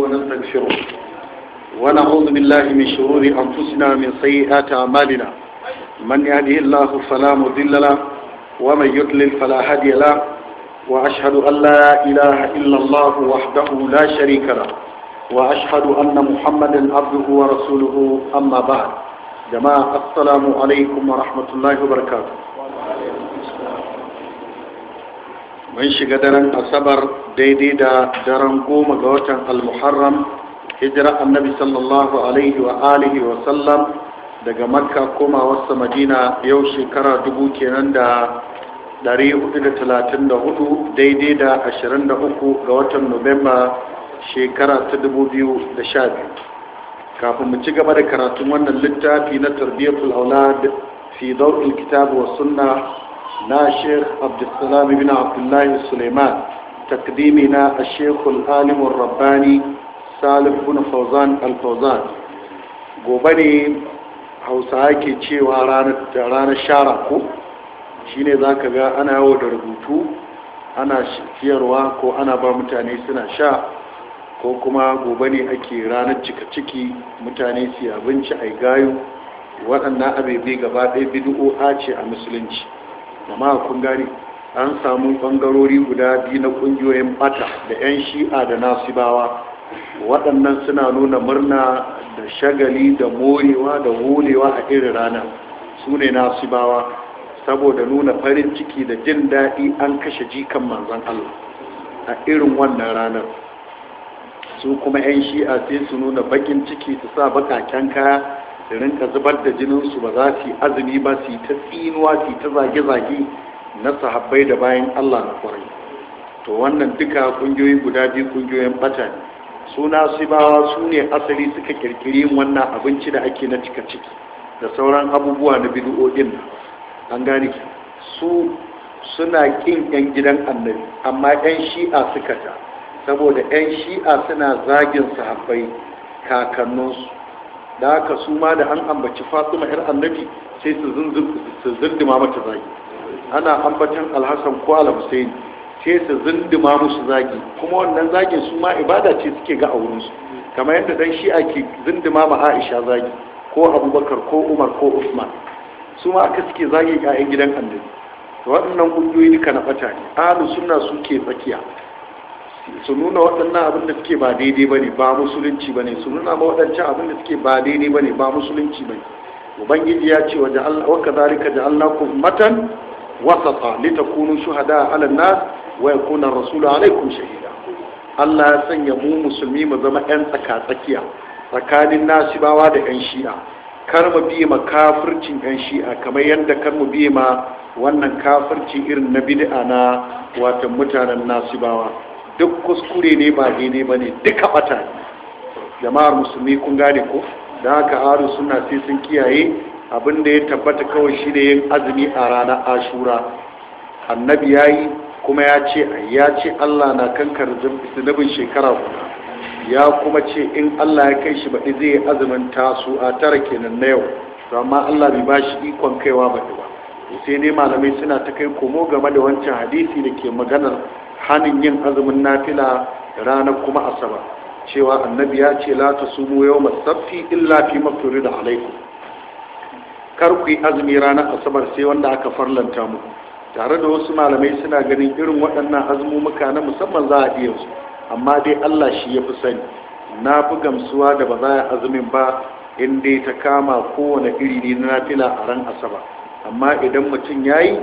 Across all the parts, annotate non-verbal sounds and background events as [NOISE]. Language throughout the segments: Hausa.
ونستغفره ونعوذ بالله من شرور أنفسنا من سيئات أعمالنا من يهده الله فلا مضل له ومن يضلل فلا هادي له وأشهد أن لا إله إلا الله وحده لا شريك له وأشهد أن محمدا عبده ورسوله أما بعد جماعة السلام عليكم ورحمة الله وبركاته من شغدنا الصبر daidai da daren goma ga watan al-muharram hijira annabi sallallahu alaihi wa alihi wa sallam daga makka koma wasa madina yau shekara dubu kenan da 434 daidai da 23 ga watan nuwamba shekara ta 2012 kafin mu ci gaba da karatun wannan littafi na tarbiyyatul aulad fi dawil kitab wa sunna na sheikh abdulsalam ibn Abdullahi suleiman تقديمنا الشيخ العالم الرباني صالح بن فوزان الفوزان غوبني hausawa ke cewa ranar shara ko shine za ka ga ana yawo da rubutu ana siyarwa ko ana ba mutane suna sha ko kuma gobe ne ake ranar cikaciki mutane su abinci a gayu waɗannan abebe gaba ɗaya bidu'o'a ce a musulunci amma kun gane an samu ɓangarori guda biyu na ƙungiyoyin bata da 'yan shi'a da nasibawa waɗannan suna nuna murna da shagali da morewa da holewa a irin rana su ne nasibawa saboda nuna farin ciki da jin daɗi an kashe jikan manzan Allah a irin wannan ranar su kuma 'yan shi'a sai su nuna bakin ciki su sa bakaken kaya da rinka zubar da jininsu ba za su yi azumi ba su yi ta tsinuwa su yi ta zage-zage na sahabbai da bayan Allah na kwarai to wannan duka kungiyoyi guda biyu kungiyoyin bata ne suna sibawa su ne asali suka kirkiri wannan abinci da ake na cika ciki da sauran abubuwa na nan an gane su suna kin yan gidan annabi amma yan shi'a suka ta saboda yan shi'a suna zagin sahabbai kakanninsu da haka su ma da an ambaci fatima yar annabi sai su zunduma mata zagi ana ambatan alhassan ko alhussein sai su zindima musu zagi kuma wannan zagin su ma ibada ce suke ga aurensu kamar yadda dan shi ake zindima ma aisha zagi ko abubakar ko umar ko usman su ma aka suke zagi ƴaƴan gidan annabi to waɗannan ƙungiyoyi duka na fata ne ahlus sunna suke tsakiya su nuna waɗannan abin da suke ba daidai bane ba musulunci bane su nuna ma waɗancan abin da suke ba daidai bane ba musulunci bane ubangiji ya ce wa ja'alna wa kadhalika ja'alnakum wasata litakunu shuhada ala nas wa yakuna rasulu alaikum shahida Allah ya sanya mu musulmi mu zama yan tsaka tsakiya tsakanin nasibawa da yan shi'a kar mu biye ma kafircin yan shi'a kamar yadda kar mu biye ma wannan kafirci irin na bid'a na wato mutanen nasibawa duk kuskure ne ba daidai bane duka bata jama'ar musulmi kun gane ko da haka ahlus sunna sai sun kiyaye abin da ya tabbata kawai shi ne yin azumi a ranar ashura annabi ya yi kuma ya ce ya ce allah na kankar zunubin shekara guda ya kuma ce in allah ya kai shi baɗi zai yi azumin tasu a tara kenan na yau to amma allah bai ba shi ikon kaiwa baɗi ba sai ne malamai suna ta kai komo game da wancan hadisi da ke maganar hannun yin azumin nafila ranar kuma asabar cewa annabi ya ce la ta sumu yau in illa fi mafturida alaikum kar ku yi azumi ranar asabar sai wanda aka farlanta mu tare da wasu malamai suna ganin irin waɗannan muka na musamman za a iya su amma dai Allah shi ya fi sani na fi gamsuwa da ba za a azumin ba in dai ta kama kowane iri ne na nafila a ran Asaba, amma idan mutum ya yi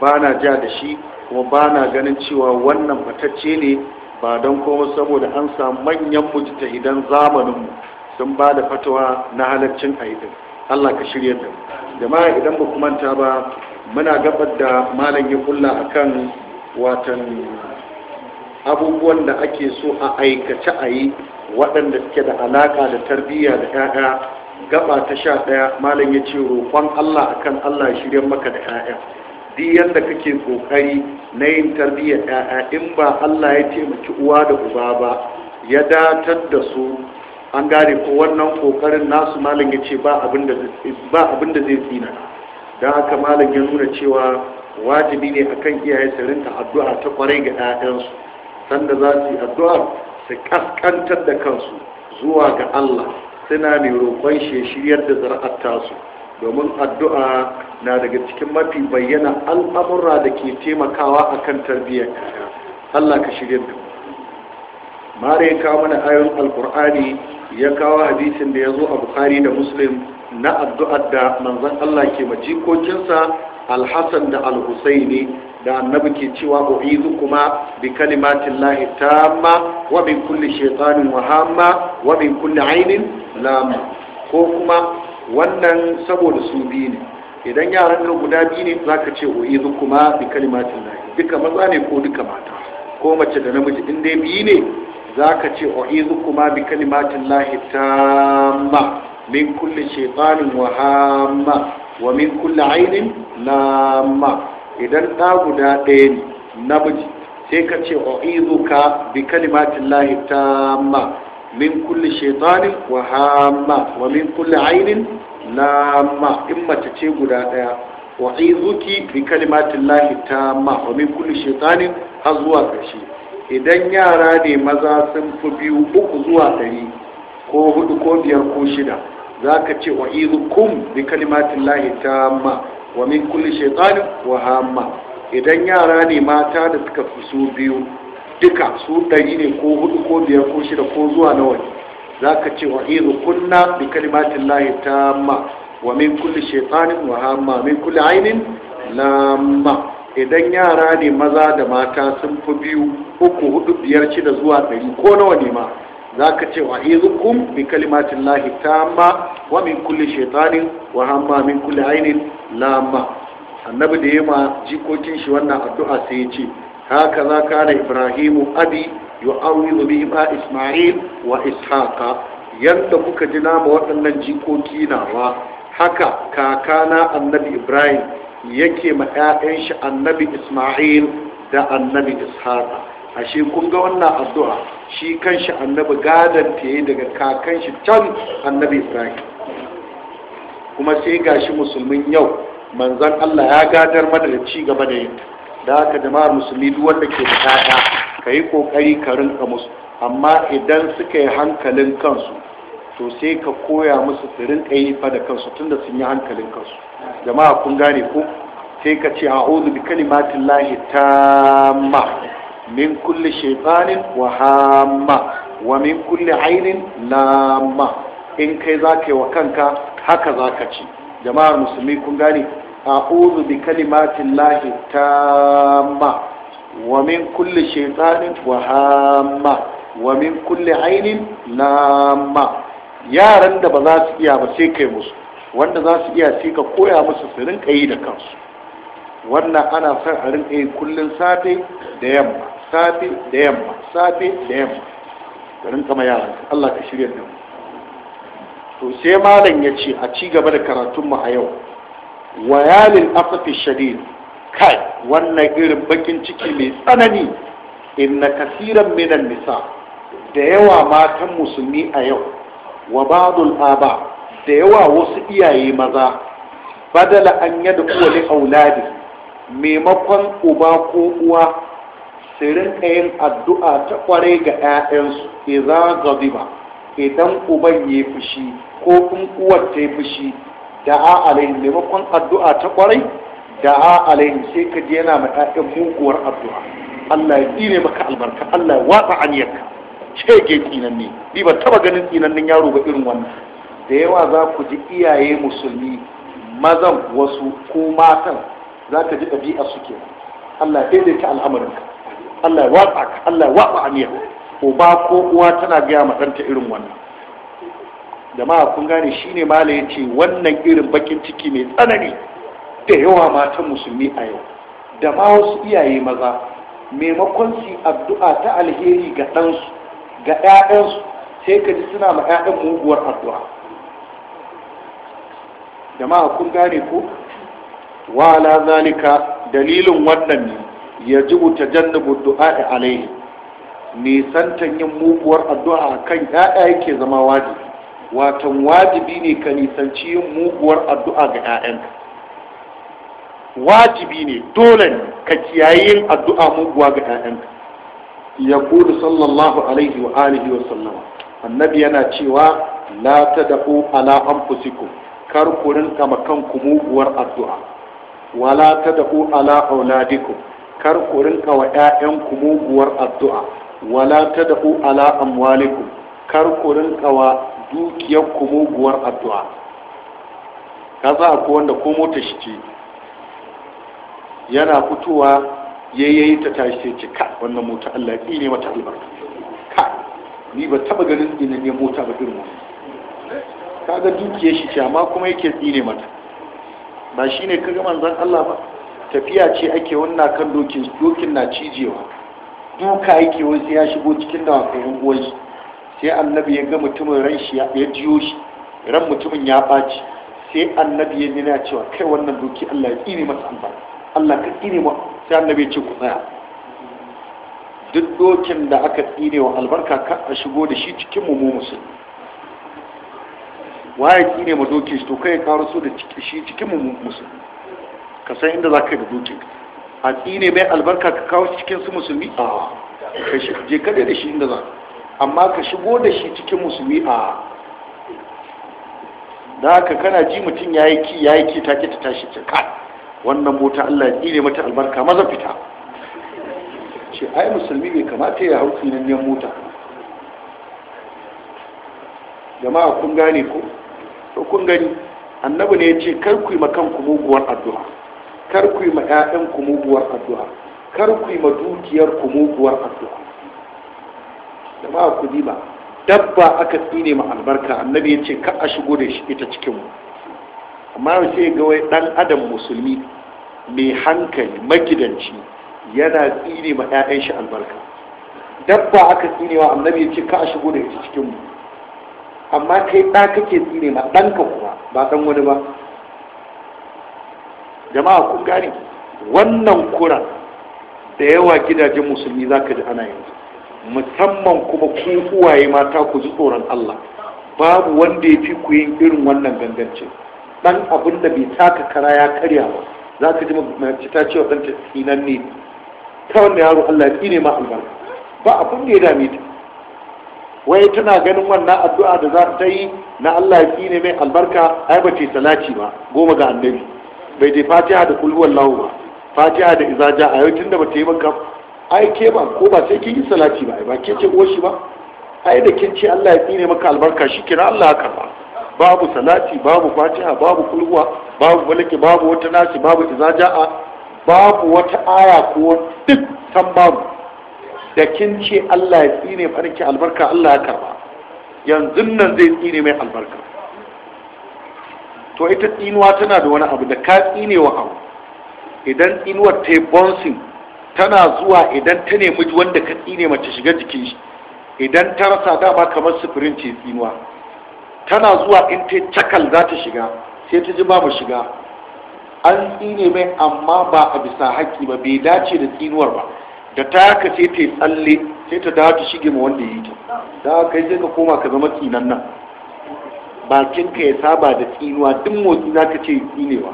ba na ja da shi kuma ba na ganin cewa wannan fatacce ne ba don koma saboda an samu manyan mujtahidan zamaninmu sun ba da fatawa na halaccin aidin Allah ka shirya da jama'a idan ba manta ba muna gabar da malam ya kulla akan watan abubuwan da ake so a aikace a yi waɗanda suke da alaƙa da tarbiyya da 'ya'ya gaba ta sha ɗaya malam ya ce roƙon Allah akan Allah ya shirya maka da 'ya'ya duk yadda kake kokari na yin tarbiyyar 'ya'ya in ba Allah ya taimaki uwa da uba ba ya datar da su an gane ko wannan kokarin nasu malam ya ce ba abin da zai tsina don haka malam ya nuna cewa wajibi ne akan iyaye su addu'a ta kwarai ga 'ya'yansu sanda za su yi addu'a su kaskantar da kansu zuwa ga Allah suna mai roƙon shi shiryar da zara'ar tasu domin addu'a na daga cikin mafi bayyana al'amura da ke taimakawa a kan tarbiyyar Allah ka shirya da mare kawo mana ayon alkur'ani ya kawo hadisin da ya zo a bukari da muslim na addu'ar da manzan Allah ke ma jikokinsa alhassan da alhusaini da annabi ke cewa u'izu kuma bi kalimatin lahi tamma wa min kulli shaytanin wahamma wa min kulli ainin lam ko kuma wannan saboda su biyu ne idan yaran ka guda biyu ne zaka ce u'izu kuma bi kalimatin lahi duka maza ne ko duka mata ko mace da namiji in dai biyu ne za ka ce o'izu kuma bi kalimatin lahi tamma min kulle shaitanin wahama, wa min kulle ainin lamma idan ɗa guda ɗaya ne buji sai ka ce o'izu ka bi kalimatin lahi tamma min kulle shaitanin wahama, wa min kulle ainin lamma in mace ce guda ɗaya o'izuki bi kalimatin lahi tamma wa min kulle shaitanin har zuwa ƙarshe idan yara ne maza sun fi biyu uku zuwa ɗari ko hudu ko biyar ko shida za ka ce wa kum bi kalimatin lahi ta ma wa min kulli shaitanin wa hamma idan yara ne mata da suka fi su biyu duka su dari ne ko hudu ko biyar ko shida ko zuwa nawa za ka ce wa kunna bi kalimatin lahi ta ma wa min kulli shaitanin wa hamma min kulli ainin lamma idan yara ne maza da mata sun fi biyu uku hudu biyar shida zuwa ɗari ko nawa ne ma za ka ce wa izukum bi kalimatin lahi amma wa min kulli shaitanin wa hamma min kulli ainin lamma annabi da ya ma jikokin shi wannan addu'a sai ya ce haka za ka na ibrahimu abi yu'awwidu bihi ba isma'il wa ishaqa yanda kuka ji nama waɗannan jikoki nawa haka kakana annabi ibrahim yake ma 'ya'yan shi annabi isma'il da annabi ishaqa ashe kun ga wannan addu'a shi kanshi annabi gadan ta yi daga kakan shi can annabi ibrahim kuma sai gashi musulmin yau manzon Allah ya gadar mana da ci gaba da yinta da haka jama'ar musulmi duk wanda ke da ɗaya ka yi ƙoƙari ka rinka musu amma idan suka yi hankalin kansu to sai ka koya musu su rinka yi fa da kansu tunda sun yi hankalin kansu jama'a kun gane ko sai ka ce a'udhu bi kalimatin lahi tamma min kulli shaytanin wa hamma wa min kulli ainin lamma in kai za yi wa kanka haka zaka ci jama'a musulmi kun gane a'udhu bi kalimatin lahi tamma wa min kulli shaytanin wa hamma wa min kulli ainin lamma yaran da ba za su iya ba sai kai musu wanda za su iya sai ka koya musu su rinka yi da kansu wannan ana son a rinka yi kullum safe da yamma safe da yamma safe da yamma ka rinka ma yaran Allah ka shirya da mu to sai malam ya ce a ci gaba da karatun mu a yau wayalin asafi shadid kai wannan irin bakin ciki mai tsanani inna kasiran minan nisa da yawa matan musulmi a yau wa ba'dul aba da yawa wasu iyaye maza badala an yadda kowane auladi maimakon uba ko uwa su rinka yin addu'a ta kware ga 'ya'yansu ke za gaziba idan uban ya fushi ko in uwar ta fushi a alayin maimakon addu'a ta da a alayin sai ka je yana ma 'ya'yan muguwar addu'a Allah ya dine maka albarka Allah ya watsa aniyarka shege tsinanni. ni ba taba ganin tsinannin yaro ba irin wannan da yawa za ku ji iyaye musulmi mazan wasu ko matan za ka ji ɗabi'a suke Allah ya daidaita al'amarinka Allah watsa ka Allah ya watsa aniyar uba ko uwa tana gaya ma ɗanta irin wannan jama'a kun gane shine ma ya ce wannan irin bakin ciki mai tsanani da yawa matan musulmi a yau da ma wasu iyaye maza maimakon su addu'a ta alheri ga ɗansu ga 'ya'yansu sai ka ji suna ma 'ya'yan muguwar addu'a jama'a kun gane ko wa ala zalika dalilin wannan ne ya ji yajibu tajannubu du'a alaihi nisantan yin muguwar addu'a kan 'ya'ya yake zama wajibi watan wajibi ne ka nisanci yin muguwar addu'a ga 'ya'yanka. wajibi ne dole ne ka kiyaye yin addu'a muguwa ga 'ya'yanka. ya kudu sallallahu alaihi wa alihi wa sallama annabi yana cewa la tad'u ala anfusikum kar ku rinka makan ku muguwar addu'a wala tad'u ala auladikum kar ku rinka wa ƴaƴan ku muguwar addu'a wala tad'u ala amwalikum kar ku rinka wa dukiyar ku muguwar addu'a kaza ko wanda ko mota shi ce yana fitowa yayyayi ta tashi ce ka wannan mota Allah ya ne mata albarka ka ni ba taba ganin ina ne mota ba irin wannan kaga dukiya shi ce amma kuma yake tsine mata ba shi ne kaga manzan Allah ba tafiya ce ake wannan kan dokin dokin na cijewa duka yake wasu ya shigo cikin da dawakan uwan shi sai annabi ya ga mutumin ran shi ya jiyo shi ran mutumin ya ɓaci sai annabi ya nuna cewa kai wannan doki Allah ya tsine masa albarka Allah ka tsine mu sai annabi ya ce ku tsaya duk dokin da aka tsine wa albarka ka a shigo da shi cikin mu mu musulmi waye ki ne ma dokin shi to kai ka so da shi cikin mu musulmi ka san inda za ka yi da dokin a tsine mai albarka ka kawo shi cikin su musulmi a ka shi je kada da shi inda za amma ka shigo da shi cikin musulmi a da haka kana ji mutum ya yi ki ya yi ki take ta tashi ta wannan mota Allah ya tsine mata albarka maza fita ce ai musulmi bai kamata ya hau tsinanniyar mota jama'a kun gane ko to kun gani annabi ne ya ce kar ku yi ma kanku muguwar addu'a kar ku yi ma 'ya'yanku muguwar addu'a kar ku yi ma dukiyarku muguwar addu'a Da ba ku ba dabba aka tsine ma albarka annabi ya ce ka a shigo da shi ita cikin amma sai ga wai dan adam musulmi mai hankali magidanci yana tsine ma 'ya'yan shi albarka dabba aka tsinewa annabi ya ce ka a shigo da ita cikin mu amma kai ɗa kake tsine ma ɗanka kuma ba ɗan wani ba jama'a kun gane wannan kuran da yawa gidajen musulmi za ka ji ana yanzu musamman kuma ku uwaye mata ku ji tsoron Allah babu wanda ya fi ku yin irin wannan gangancin ɗan abin da bai taka kara ya karya ba za ka ji mace ta ce wa ta tsinan ne ta wanda yaro Allah ya tsine ma albarka ba abin da ya dame ta wai tana ganin wannan addu'a da za ta yi na Allah ya tsine mai albarka ai ba ce salati ba goma ga annabi bai dai fatiha da kulhu wallahu ba fatiha da izaja a yau da ba ta yi maka ai ke ba ko ba sai kin yi salati ba ai ba ke ce goshi ba ai da kin ce Allah ya tsine maka albarka shi kira Allah haka ba babu salati babu fatiha babu kulhuwa babu balake babu wata nasi babu izaja'a babu wata aya ko duk san babu da kin ce Allah ya tsine farki albarka Allah ya karba yanzu nan zai tsine mai albarka to ita tsinuwa tana da wani abu da ka tsine wa abu idan tsinuwar ta yi bonsin tana zuwa idan ta nemi wanda ka tsine mace shiga jikin shi idan ta rasa dama kamar sufurin ce tsinuwa tana zuwa in ta cakal za ta shiga sai ta ji babu shiga an tsine mai amma ba a bisa haƙƙi ba bai dace da tsinuwar ba da ta ka sai ta yi tsalle sai ta dawo ta shige ma wanda ya yi ta da kai sai ka koma ka zama tsinan nan bakin ka ya saba da tsinuwa duk motsi za ka ce tsinewa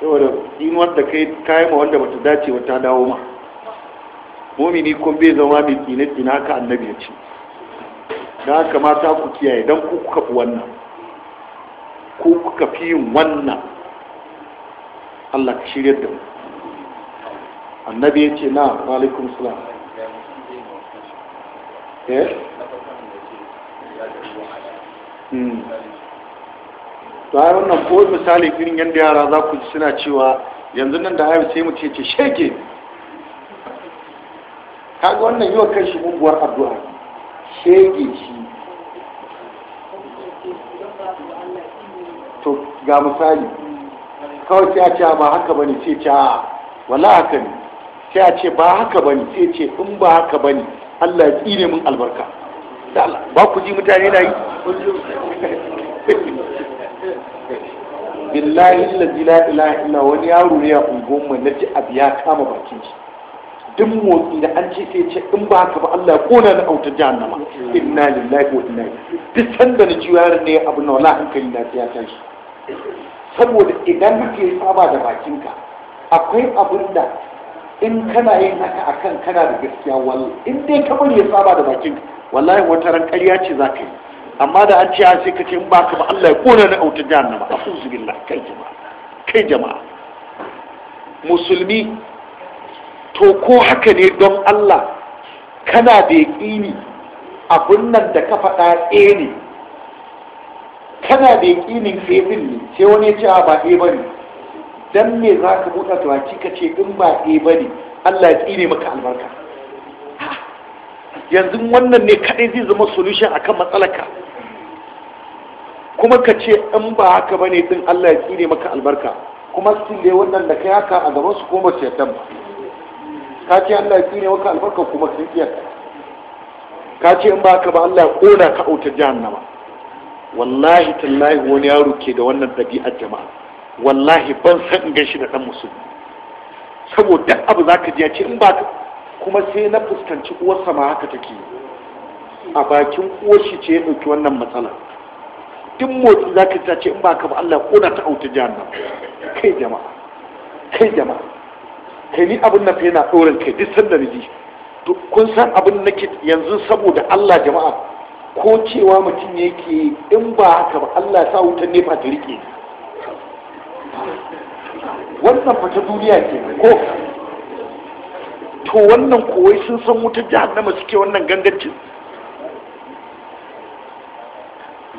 saboda tsinuwar da kai kayi ma wanda bata dace wata ta dawo ma mumini kun bai zama mai tsine tsina haka annabi ya ce da haka mata ku kiyaye dan ku kuka fi wannan ku kuka fi yin wannan Allah ka shirya da mu annabi ya ce na alaikum islam eh? hmm. to yi wannan ko misali irin yadda yara za ku ji suna cewa yanzu nan da haifu sai mu ce ce shege kaga wannan yiwa kan shi muguwar addu'a shege shi to ga misali kawai sai a ce ba haka ba ne ce a wala haka ne sai a ce ba haka bane sai ce in ba haka bane Allah ya tsire min albarka da Allah ba ku ji mutane na yi [LAUGHS] billahi allazi la ilaha illa wani yaro ne ya ungon mu naji abu ya kama bakin shi duk motsi da an ce sai ce in ba haka ba Allah ya kona na autar jahannama inna lillahi wa inna ilaihi duk sanda na ji yaron ne abu na wala hankali na ya tashi saboda idan kake saba da bakinka akwai abin da in kana yin haka akan kana da gaskiya wal in dai ka bari ya saba da bakin wallahi wata ran ƙarya ce za ka yi amma da an ce a sai ka ce in ba ka ba Allah ya kona na auta jahannama a'udhu billah kai jama'a kai jama'a musulmi to ko haka ne don Allah kana da yaƙini abun nan da ka faɗa ɗaya ne kana da yaƙinin ɗaya ne sai wani ya ce a ba ɗaya ba ne dan me za ka buɗa ta baki ka ce in ba ɗe ba ne Allah ya tsire maka albarka yanzu wannan ne kaɗai zai zama solution akan matsalarka kuma ka ce in ba haka ba ne ɗin Allah ya tsire maka albarka kuma su ne wannan da kai haka a gaban su ko ba su yadda ba ka ce Allah ya tsire maka albarka kuma sun iya. ka ce in ba haka ba Allah ya ƙona ka autar nama wallahi tallahi wani yaro ke da wannan ɗabi'ar jama'a wallahi ban san in gaishe da ɗan musulmi saboda abu za ka ji ya ce in ba kuma sai na fuskanci uwar sama haka take a bakin uwar shi ce ya ɗauki wannan matsala duk motsi za ka ji ce in ba ka ba Allah kona ta auta jahannam kai jama'a kai jama'a kai ni abin na fena ɗorin kai duk sanda na ji kun san abin nake yanzu saboda Allah jama'a ko cewa mutum yake in ba haka ba Allah ya sa wutar nefa ta riƙe wannan fata duniya ke ko to wannan kowai sun san wuta jahannama suke wannan gangancin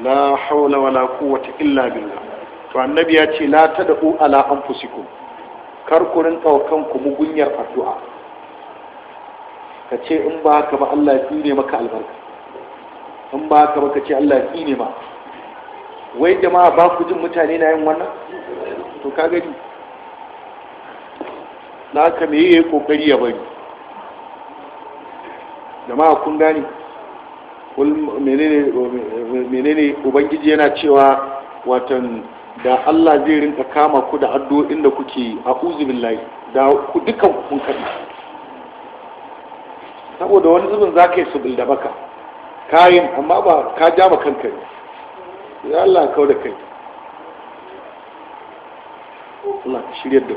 la haula wala quwwata illa billah to annabi ya ce la tad'u ala anfusikum kar ku rinka wa kanku mugunyar addu'a ka ce in ba haka ba Allah ya tsine maka albarka in ba haka ba ka ce Allah ya tsine ma wai jama'a ba ku jin mutane na yin wannan to ka gani na aka me yi kokari ya bari jama'a kun gane menene ubangiji yana cewa watan da Allah zai rinka kama ku da addu'o'in da kuke a layi. da ku dukan kun kaɗi saboda wani zubin za ka yi subil da baka kayan amma ba ka ja ba kanka ya Allah kau da kai Allah ka shiryar da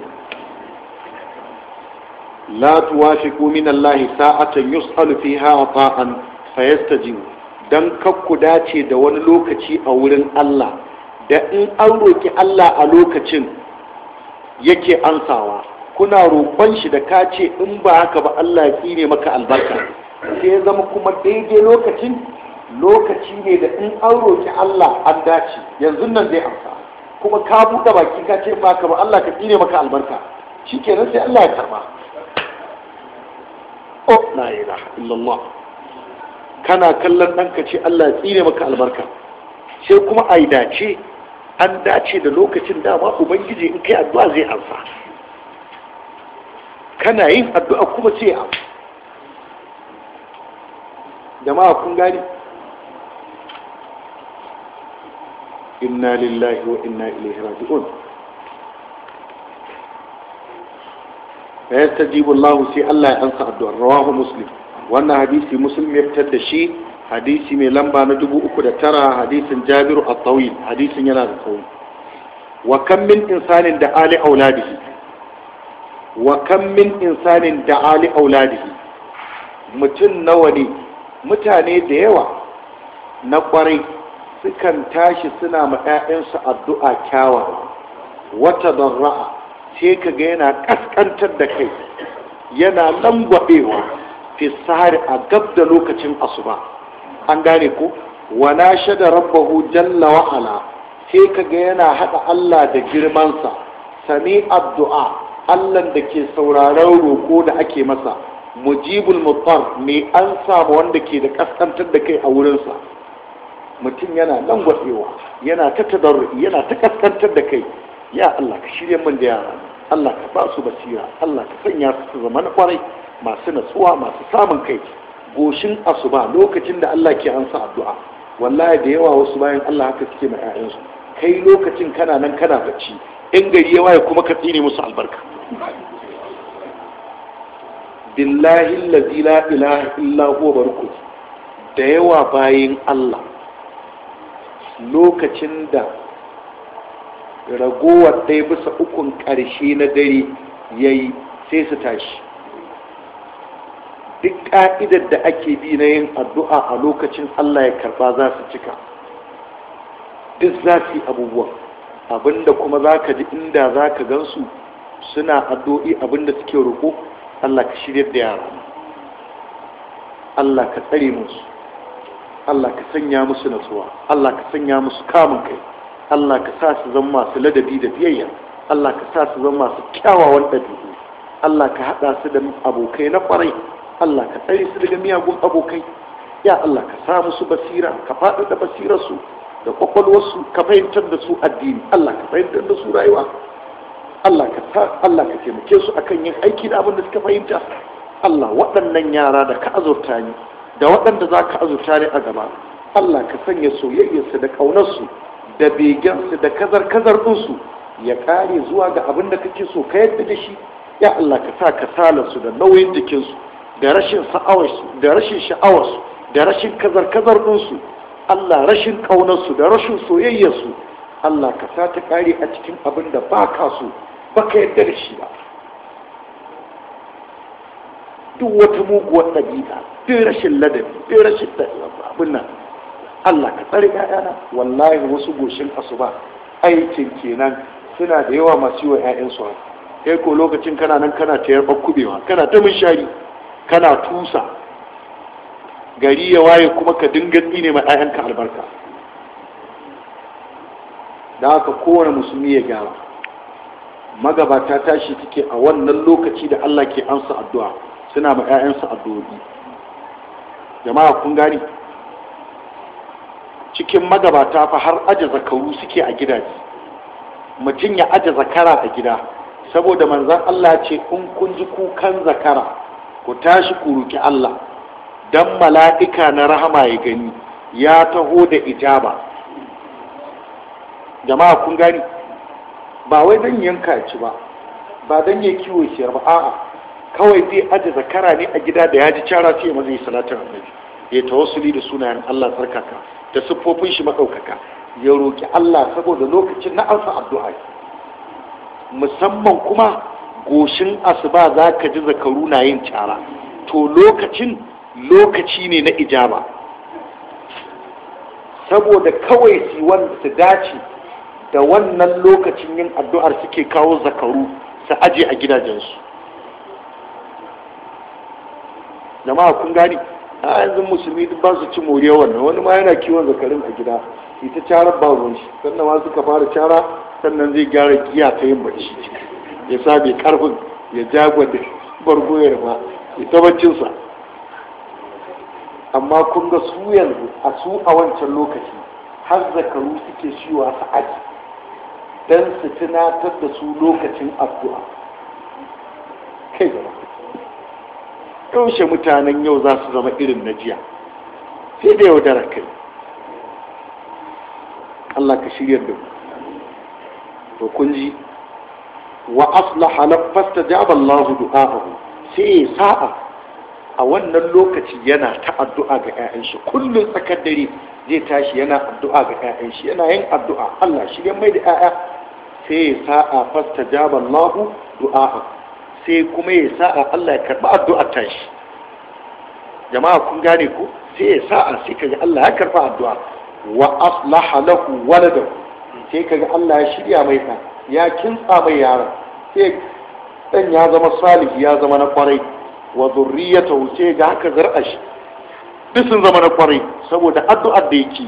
la tuwafiqu min Allah sa'atan yus'alu fiha ta'an dan kakku dace da wani lokaci a wurin Allah da in an roki Allah a lokacin yake ansawa kuna roƙon shi da ka ce in ba haka ba Allah ya tsine maka albarka sai ya zama kuma daidai lokacin lokaci ne da in an roƙi Allah an dace yanzu nan zai amsa kuma ka buɗe baki ka ce ba ka ba Allah ka tsire maka albarka shi kenan sai Allah ya karba o oh, la ilaha illallah kana kallon ɗanka ce Allah ya tsire maka albarka sai kuma a yi dace an dace da lokacin dama ubangiji in kai addu'a zai amsa kana yin addu'a kuma sai ya jama'a kun gani inna lillahi wa inna ilaihi raji'un fa yastajibu sai Allah ya ansa addu'ar rawahu muslim wannan hadisi muslim ya fitar da shi hadisi mai lamba na dubu uku da tara hadisin jabiru a tsawi hadisin yana da tsawi wa kan min insanin da da ali auladihi mutum nawa ne mutane da yawa na kwarai sukan tashi suna ma 'ya'yansu addu'a kyawawa wata ra'a sai ka ga yana kaskantar da kai yana langwabewa fisari a gab da lokacin asuba an gane ko wana shada rabbahu jalla wa'ala sai ka ga yana haɗa Allah da girmansa sami addu'a Allah da ke sauraron roƙo da ake masa mujibul mutar mai an samu wanda ke da kaskantar da kai a wurinsa mutum yana nan gwatsewa yana ta tadarru yana ta kaskantar da kai ya Allah ka shirya min da yara Allah ka ba su basira Allah ka sanya su zama na kwarai masu natsuwa masu samun kai goshin asuba lokacin da Allah ke ansa addu'a wallahi da yawa wasu bayan Allah haka suke ma 'ya'yansu kai lokacin kana nan kana bacci in gari ya waye kuma ka tsine musu albarka billahi allazi la ilaha illa huwa barku da yawa bayin Allah lokacin da ragowar ɗaya bisa ukun ƙarshe na dare ya yi sai su tashi duk ƙa'idar da ake bi na yin addu'a a lokacin allah ya karɓa za su cika duk za su yi abubuwan abinda kuma za ka ji inda za ka gansu suna addu'o'i abinda suke roƙo allah ka shirya da yara allah ka tsare musu Allah ka sanya musu natsuwa Allah ka sanya musu kamun kai Allah ka sa su zama masu ladabi da biyayya Allah ka sa su zama masu kyawawan ɗabi'u Allah ka haɗa su da abokai na ƙwarai Allah ka tsare su daga miyagun abokai ya Allah ka sa musu basira ka da basirarsu da ƙwaƙwalwarsu, ka fahimtar da su addini Allah ka fahimtar da su rayuwa Allah ka Allah ka taimake su akan yin aiki da abin da suka fahimta Allah waɗannan yara da ka azurta ni da waɗanda za ka azurta ne a gaba Allah ka sanya soyayyarsu da ƙaunarsu da begensu da kazar-kazar ɗinsu ya ƙare zuwa ga abin da kake so ka yadda da shi ya Allah ka sa kasalarsu da nauyin jikinsu da rashin sha'awarsu da rashin sha'awarsu da rashin kazar-kazar ɗinsu Allah rashin ƙaunarsu da rashin soyayyarsu Allah ka sa ta ƙare a cikin abin da ba ka so ba ka yadda da shi ba duk wata muguwar ɗabi'a duk rashin ladabi duk rashin abin nan Allah ka tsare ƴaƴana wallahi wasu goshin asuba aikin kenan suna da yawa masu yiwa su kai ko lokacin kana nan kana ta yarbar kubewa kana ta munshari kana tusa gari ya waye kuma ka dinga tsine ma ƴaƴanka albarka da haka kowane musulmi ya gyara magabata tashi take a wannan lokaci da Allah ke ansa addu'a suna ma 'ya'yansu addu'o'i jama'a kun gani cikin magabata fa har aje zakaru suke a gidaje mutum ya aje zakara a gida saboda manzan Allah ce in kun ji kukan zakara ku tashi ku roki Allah dan mala'ika na rahama ya gani ya taho da ijaba jama'a kun gani ba wai dan yanka ci ba ba dan ya kiwo shi ba a'a kawai zai aje zakara ne a gida da ya ji cara sai ya maza salatin annabi ya tawassuli da sunayen Allah sarkaka da siffofin shi madaukaka ya roki Allah saboda lokacin na alfa addu'a musamman kuma goshin asuba za ka ji zakaru na yin cara to lokacin lokaci ne na ijaba saboda kawai su wanda su dace da wannan lokacin yin addu'ar suke kawo zakaru su aje a gidajensu jama'a kun gani a yanzu musulmi duk ba su ci moriya wannan wani ma yana kiwon zakarin a gida ita carar ba ruwan shi sannan ma suka fara cara sannan zai gyara giya ta yin bacci ya sa bai karfin ya jagwa da bargoyar ba ya tabbacinsa amma kun ga su yanzu a su a wancan lokaci har zakaru suke shiwa su aji don su tunatar da su lokacin addu'a kai gaba yaushe mutanen yau za su zama irin na jiya sai da yau dara kai Allah ka shirya da to kun ji wa aslaha la fastajaba Allah du'ahu sai sa'a a wannan lokaci yana ta addu'a ga 'ya'yan shi kullum tsakar dare zai tashi yana addu'a ga 'ya'yan shi yana yin addu'a Allah shi mai da 'ya'ya sai sa'a fastajaba Allah du'ahu sai kuma ya a Allah ya karɓi addu'ar tashi jama'a kun gane ku sai ya sa'a sai kaga Allah ya karɓi addu'a wa aslaha lahu waladahu sai kaga Allah ya shirya mai ɗan ya kintsa mai yaron sai ɗan ya zama salihi ya zama na kwarai wa zurriyatahu sai ga haka zar'a shi duk sun zama na kwarai saboda addu'ar da yake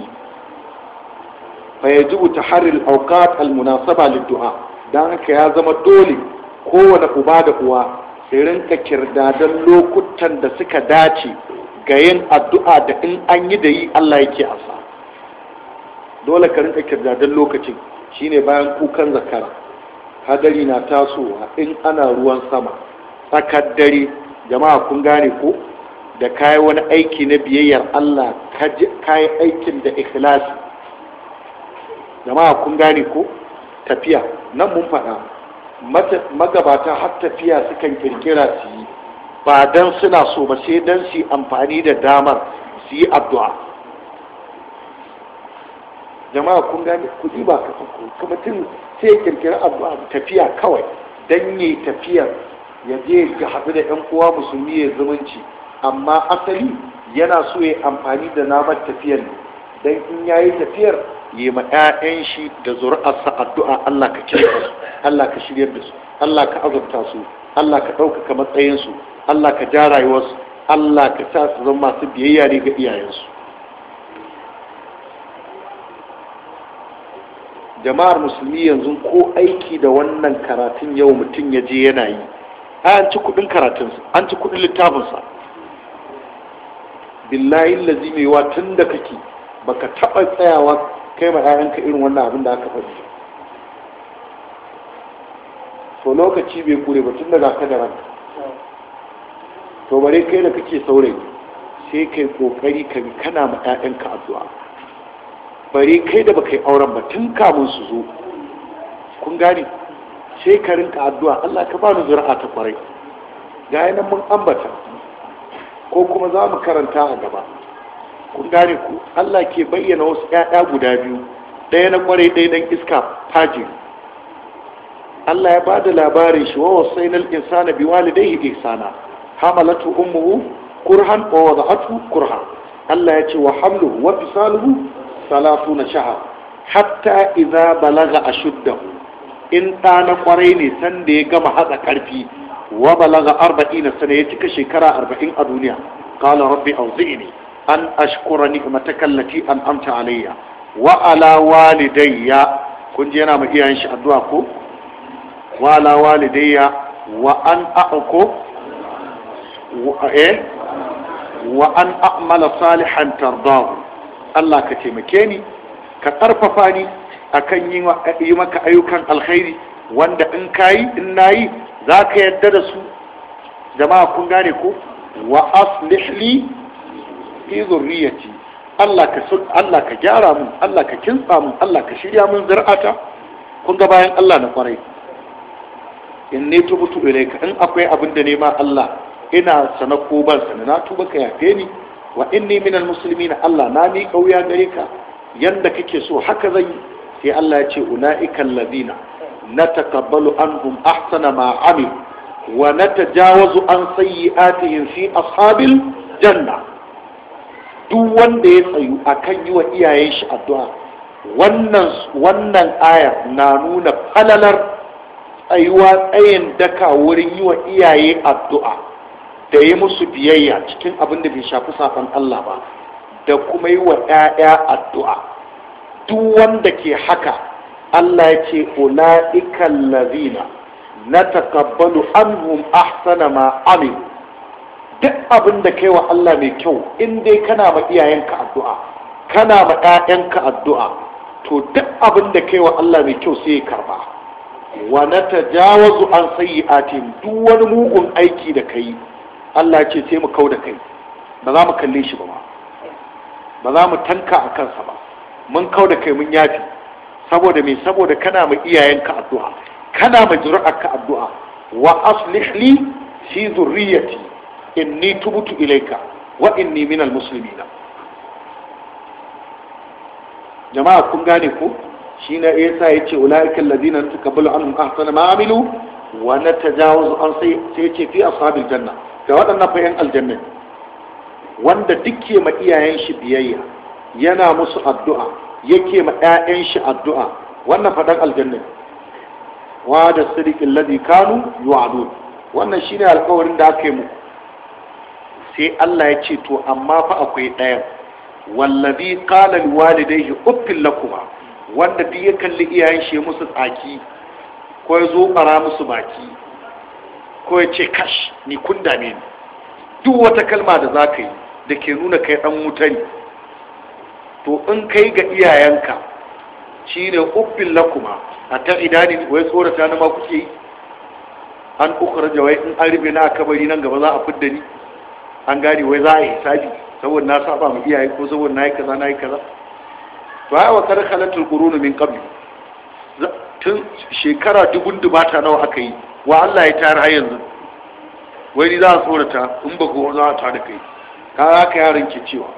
fa yajibu taharri al-awqat al lid-du'a dan haka ya zama dole kowane uba da uwa su rinka kirdadan lokutan da suka dace ga yin addu'a da in an yi da yi Allah yake asa dole ka rinka kirdadan lokacin shine bayan kukan zakara hadari na tasowa in ana ruwan sama tsakar dare jama'a kun gane ko da kayi wani aiki na biyayyar Allah kayi aikin da ikhlasi jama'a kun gane ko tafiya nan mun faɗa magabata har tafiya sukan kirkira su yi ba don suna so ba sai don su amfani da damar su yi addu'a jama'a kun gane kuɗi ba ka ko kuma tun sai ya kirkira addu'a tafiya kawai don yi tafiyar ya je ya haɗu da yan uwa musulmi ya zumunci amma asali yana so ya amfani da namar tafiyar don in yayi tafiyar yi ma 'ya'yan shi da zuri'arsa addu'a Allah ka kira su Allah ka shiryar da su Allah ka azurta su Allah ka ɗaukaka matsayinsu Allah ka ja rayuwarsu Allah ka sa su zama masu biyayya ne ga iyayensu jama'ar musulmi yanzu ko aiki da wannan karatun yau mutum ya je yana yi an ci kuɗin karatunsa an ci kuɗin littafinsa billahi lazi mai da kake baka taɓa tsayawa kai ma ka irin wannan abin da aka faɗi to lokaci bai kure ba tun daga ka da ranka to bare kai da kake saurayi sai kai kokari ka bi kana ma 'ya'yanka addu'a bare kai da baka yi auren ba tun kamun su zo kun gane sai ka rinka addu'a Allah ka bani zura'a ta kwarai ga yanan mun ambata ko kuma za mu karanta a gaba kun gane ku Allah ke bayyana wasu ƴaƴa guda biyu ɗaya na kwarai ɗaya dan iska fajiri Allah ya bada labarin shi wa wasainal insana biwalidayhi ihsana hamalatu ummuhu kurhan wa wada'atu kurhan Allah ya ce wa hamluhu wa fisaluhu na shahar hatta idza balaga ashuddahu in ɗa na kwarai ne san da ya gama haɗa karfi wa balaga arba'ina sana ya cika shekara arba'in a duniya qala rabbi awzi'ni an ashkura lati an amta alayya wa ala walidayya kun ji yana ma iyayen shi addu'a ko wa ala walidayya wa an a'ko eh? wa an a'mala salihan tardahu Allah ka taimake ni ka karfafa ni akan yi maka ayyukan alkhairi wanda in kayi in nayi za ka yadda da su jama'a kun gane ko wa aslih li fi zurriyati Allah ka Allah ka gyara mun Allah ka kintsa mun Allah ka shirya mun zir'ata kun ga bayan Allah na kwarai in ne tubutu ilaika in akwai abin da nema Allah ina sana ko ban sana na tuba ka yafe ni wa inni minal muslimin Allah na ni kauya gare ka yanda kake so haka zai yi sai Allah ya ce ulaika alladhina natakabbalu anhum ahsana ma amil wa natajawazu an sayyi'atihim fi ashabil janna duk wanda ya tsayu akan yi wa iyayen shi addu'a wannan wannan ayar na nuna falalar tsayuwa tsayin daka wurin yi wa iyaye addu'a da yi musu biyayya cikin abin da bai shafi safan Allah ba da kuma yi wa 'ya'ya addu'a duk wanda ke haka Allah ya ce ula'ikan lazina na takabbalu anhum ahsana ma amin duk abin da kai Allah mai kyau in dai kana ma iyayenka addu'a kana ma ɗayanka addu'a to duk abin da kai Allah mai kyau sai ya karba wa na an sayyi'atin duk wani mugun aiki da kai Allah ce sai mu kau da kai ba za mu kalle shi ba ba za mu tanka a kansa ba mun kau da kai mun yafi saboda me saboda kana ma iyayenka addu'a kana ma ka addu'a wa aslih li fi inni tubutu ilaika wa inni minal muslimina jama'a kun gane ku shi na sa ya ce ula'ikan ladina ta kabbalu an ahsana ma'amilu wa na tajawuz an sai sai ce fi ashabil janna ga waɗannan fa yan aljanna wanda dukke ma iyayen shi biyayya yana musu addu'a yake ma 'ya'yan shi addu'a wannan faɗan aljanna wa da sadiqil ladhi kanu yu'adun wannan shine alƙawarin da aka yi muku sai Allah ya ce to amma fa akwai ɗayan Wallabi wallazi qala shi uffin lakuma wanda duk ya kalli iyayen shi musu tsaki ko ya zo ɓara musu baki ko ya ce kash ni kun dame ni duk wata kalma da za ka yi da ke nuna kai ɗan wuta ne to in kai ga iyayenka shi ne uffin lakuma A ta idani wai tsorata na ma kuke yi an ukhraja jawai in an rube na kabari nan gaba za a fidda ni an gane wai za a yi hisabi saboda na saba mu iyaye ko saboda na yi kaza na yi kaza to ai wa kar khalatul qurunu min qabl tun shekara dubun dubata nawa aka yi wa Allah ya tayar har yanzu wai ni za a tsorata in ba ku za a tare kai ka ka yaran ke cewa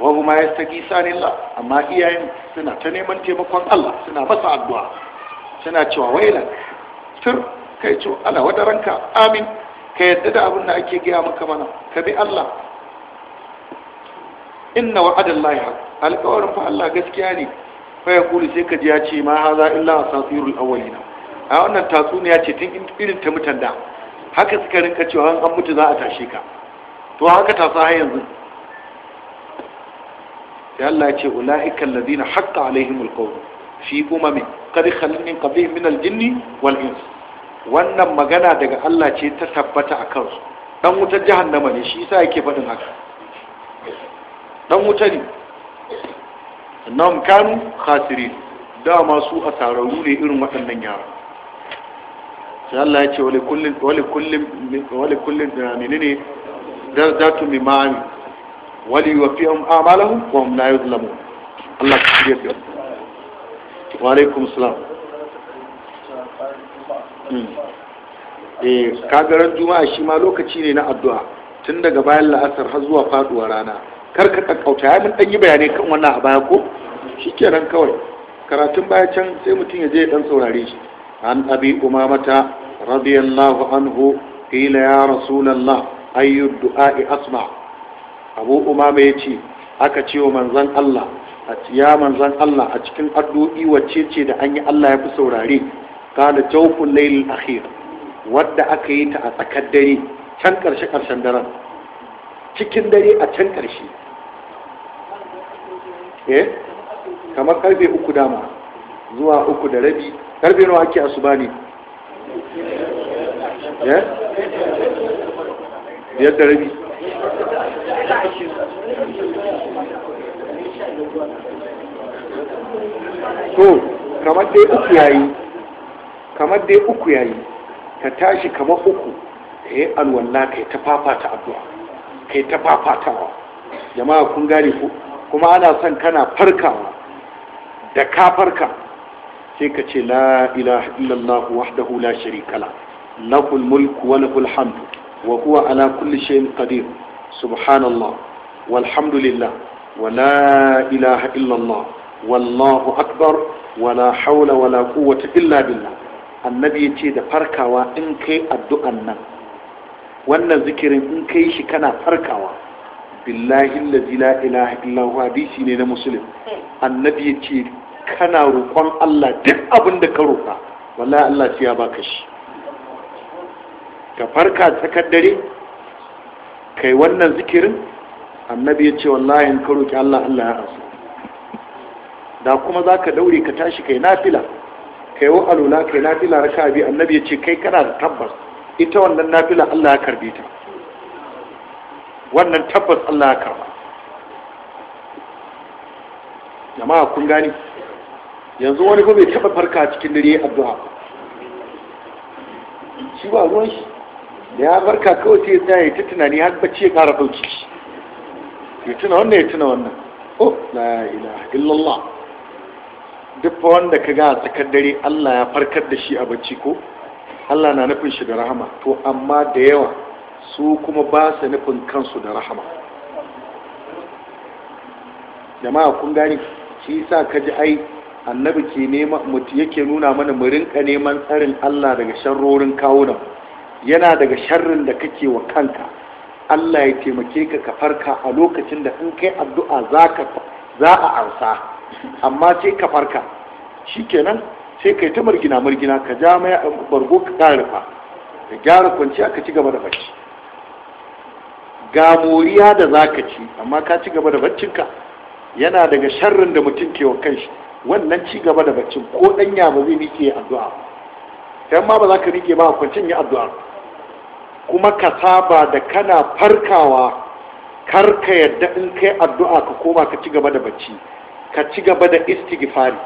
wa kuma ya Sani Allah amma iyayen suna ta neman taimakon Allah suna masa addu'a suna cewa wailan sir kai ce Allah wata ranka amin ka yadda da abin da ake gaya maka mana ka bi Allah inna wa'adallahi haq alƙawarin fa Allah gaskiya ne fa ya kuli sai ka ji ya ce ma haza illa asatirul awwalina a wannan tatsuniya ce tun irin ta mutan da haka suka rinka cewa an mutu za a tashe ka to haka ta sa yanzu sai Allah ya ce ulaika alladhina haqqa alaihimul qawl fi umamin qad khalu min al-jinni wal ins wannan magana daga Allah ce ta tabbata a kansu ɗan wutar jahannama ne shi yasa yake faɗin haka Ɗan wuta ne annahum kanu Kasiri. dama su a tararru ne irin waɗannan yara sai Allah ya ce wali kullin wali kullin wali kullin da menene darajatu mimami wali yuwaffihum a'malahum wa hum la lamu. Allah ka shirya wa alaikum salam eh kagaran juma'a shi ma lokaci ne na addu'a tun daga bayan la'asar har zuwa faduwar rana kar ka kakkauta ya mun dan yi bayanai kan wannan a baya ko Shi shikenan kawai karatun baya can sai mutum ya je dan saurare shi an abi umamata radiyallahu anhu qila ya rasulullah ayyu du'a'i asma abu umama yace aka ce wa manzon Allah ya manzon Allah a cikin addu'i wacce ce da an yi Allah ya fi saurare kana jawful lailin akhir wadda aka yi ta a tsakar dare can karshe karshen daren cikin dare a can karshe eh kamar karfe uku dama zuwa uku da rabi karfe nawa ake asuba ne eh biyar da rabi to kamar dai uku yayi kamar dai uku yayi ka tashi kamar uku ta yi alwallah kai ta fafata addu'a kai ta fafatawa jama'a kun gane ku kuma ana son kana farkawa da ka farka sai ka ce la ilaha illallah wahdahu la sharika la lahul mulku wa lahul hamdu wa huwa ala kulli shay'in qadir subhanallah walhamdulillah wa la ilaha illallah wallahu akbar wa la hawla wa la quwwata illa billah annabi ya ce da farkawa in kai addu'an nan wannan zikirin in kai shi kana farkawa billahi Lazila la ilaha illahu hadisi ne na musulun annabi ya ce kana roƙon allah duk abin da ka roƙa wallahi allah ya ya baka shi ka farka tsakar dare kai wannan zikirin annabi ya ce wallahi in ka roƙi allah allah ya asu da kuma za ka daure ka tashi kai nafila kai wa alula kai nafila raka bi annabi ya ce kai kana da tabbas ita wannan nafila Allah ya karbi ta wannan tabbas Allah ya karba jama'a kun gani yanzu wani ko bai taba farka cikin dare addu'a shi ba ruwan shi da ya farka kawai sai ya tsaya ta tunani har bacci ya kara dauki ya tuna wannan ya tuna wannan oh la ilaha illallah duk wanda ka ga a tsakar dare Allah ya farkar da shi a bacci ko Allah na nufin shi da rahama to amma da yawa su kuma ba su nufin kansu da rahama jama'a kun gani shi sa ka ji ai annabi ke nema mutu yake nuna mana mu rinka neman tsarin Allah daga sharrorin kawuna. yana daga sharrin da kake wa kanka Allah ya taimake ka ka farka a lokacin da in kai addu'a za a ansa amma sai ka farka shi kenan sai kai ta margina margina ka ja mai bargo ka kara ka gyara kwanciya ka ci gaba da bacci ga moriya da za ka ci amma ka ci gaba da baccinka yana daga sharrin da mutum ke wa kanshi wannan ci gaba da baccin ko danya ba zai rike addu'a Sai ma ba za ka rike ba a kwancin ya addu'a kuma ka saba da kana farkawa kar ka yadda in kai addu'a ka koma ka ci gaba da bacci ka ci gaba da istighfari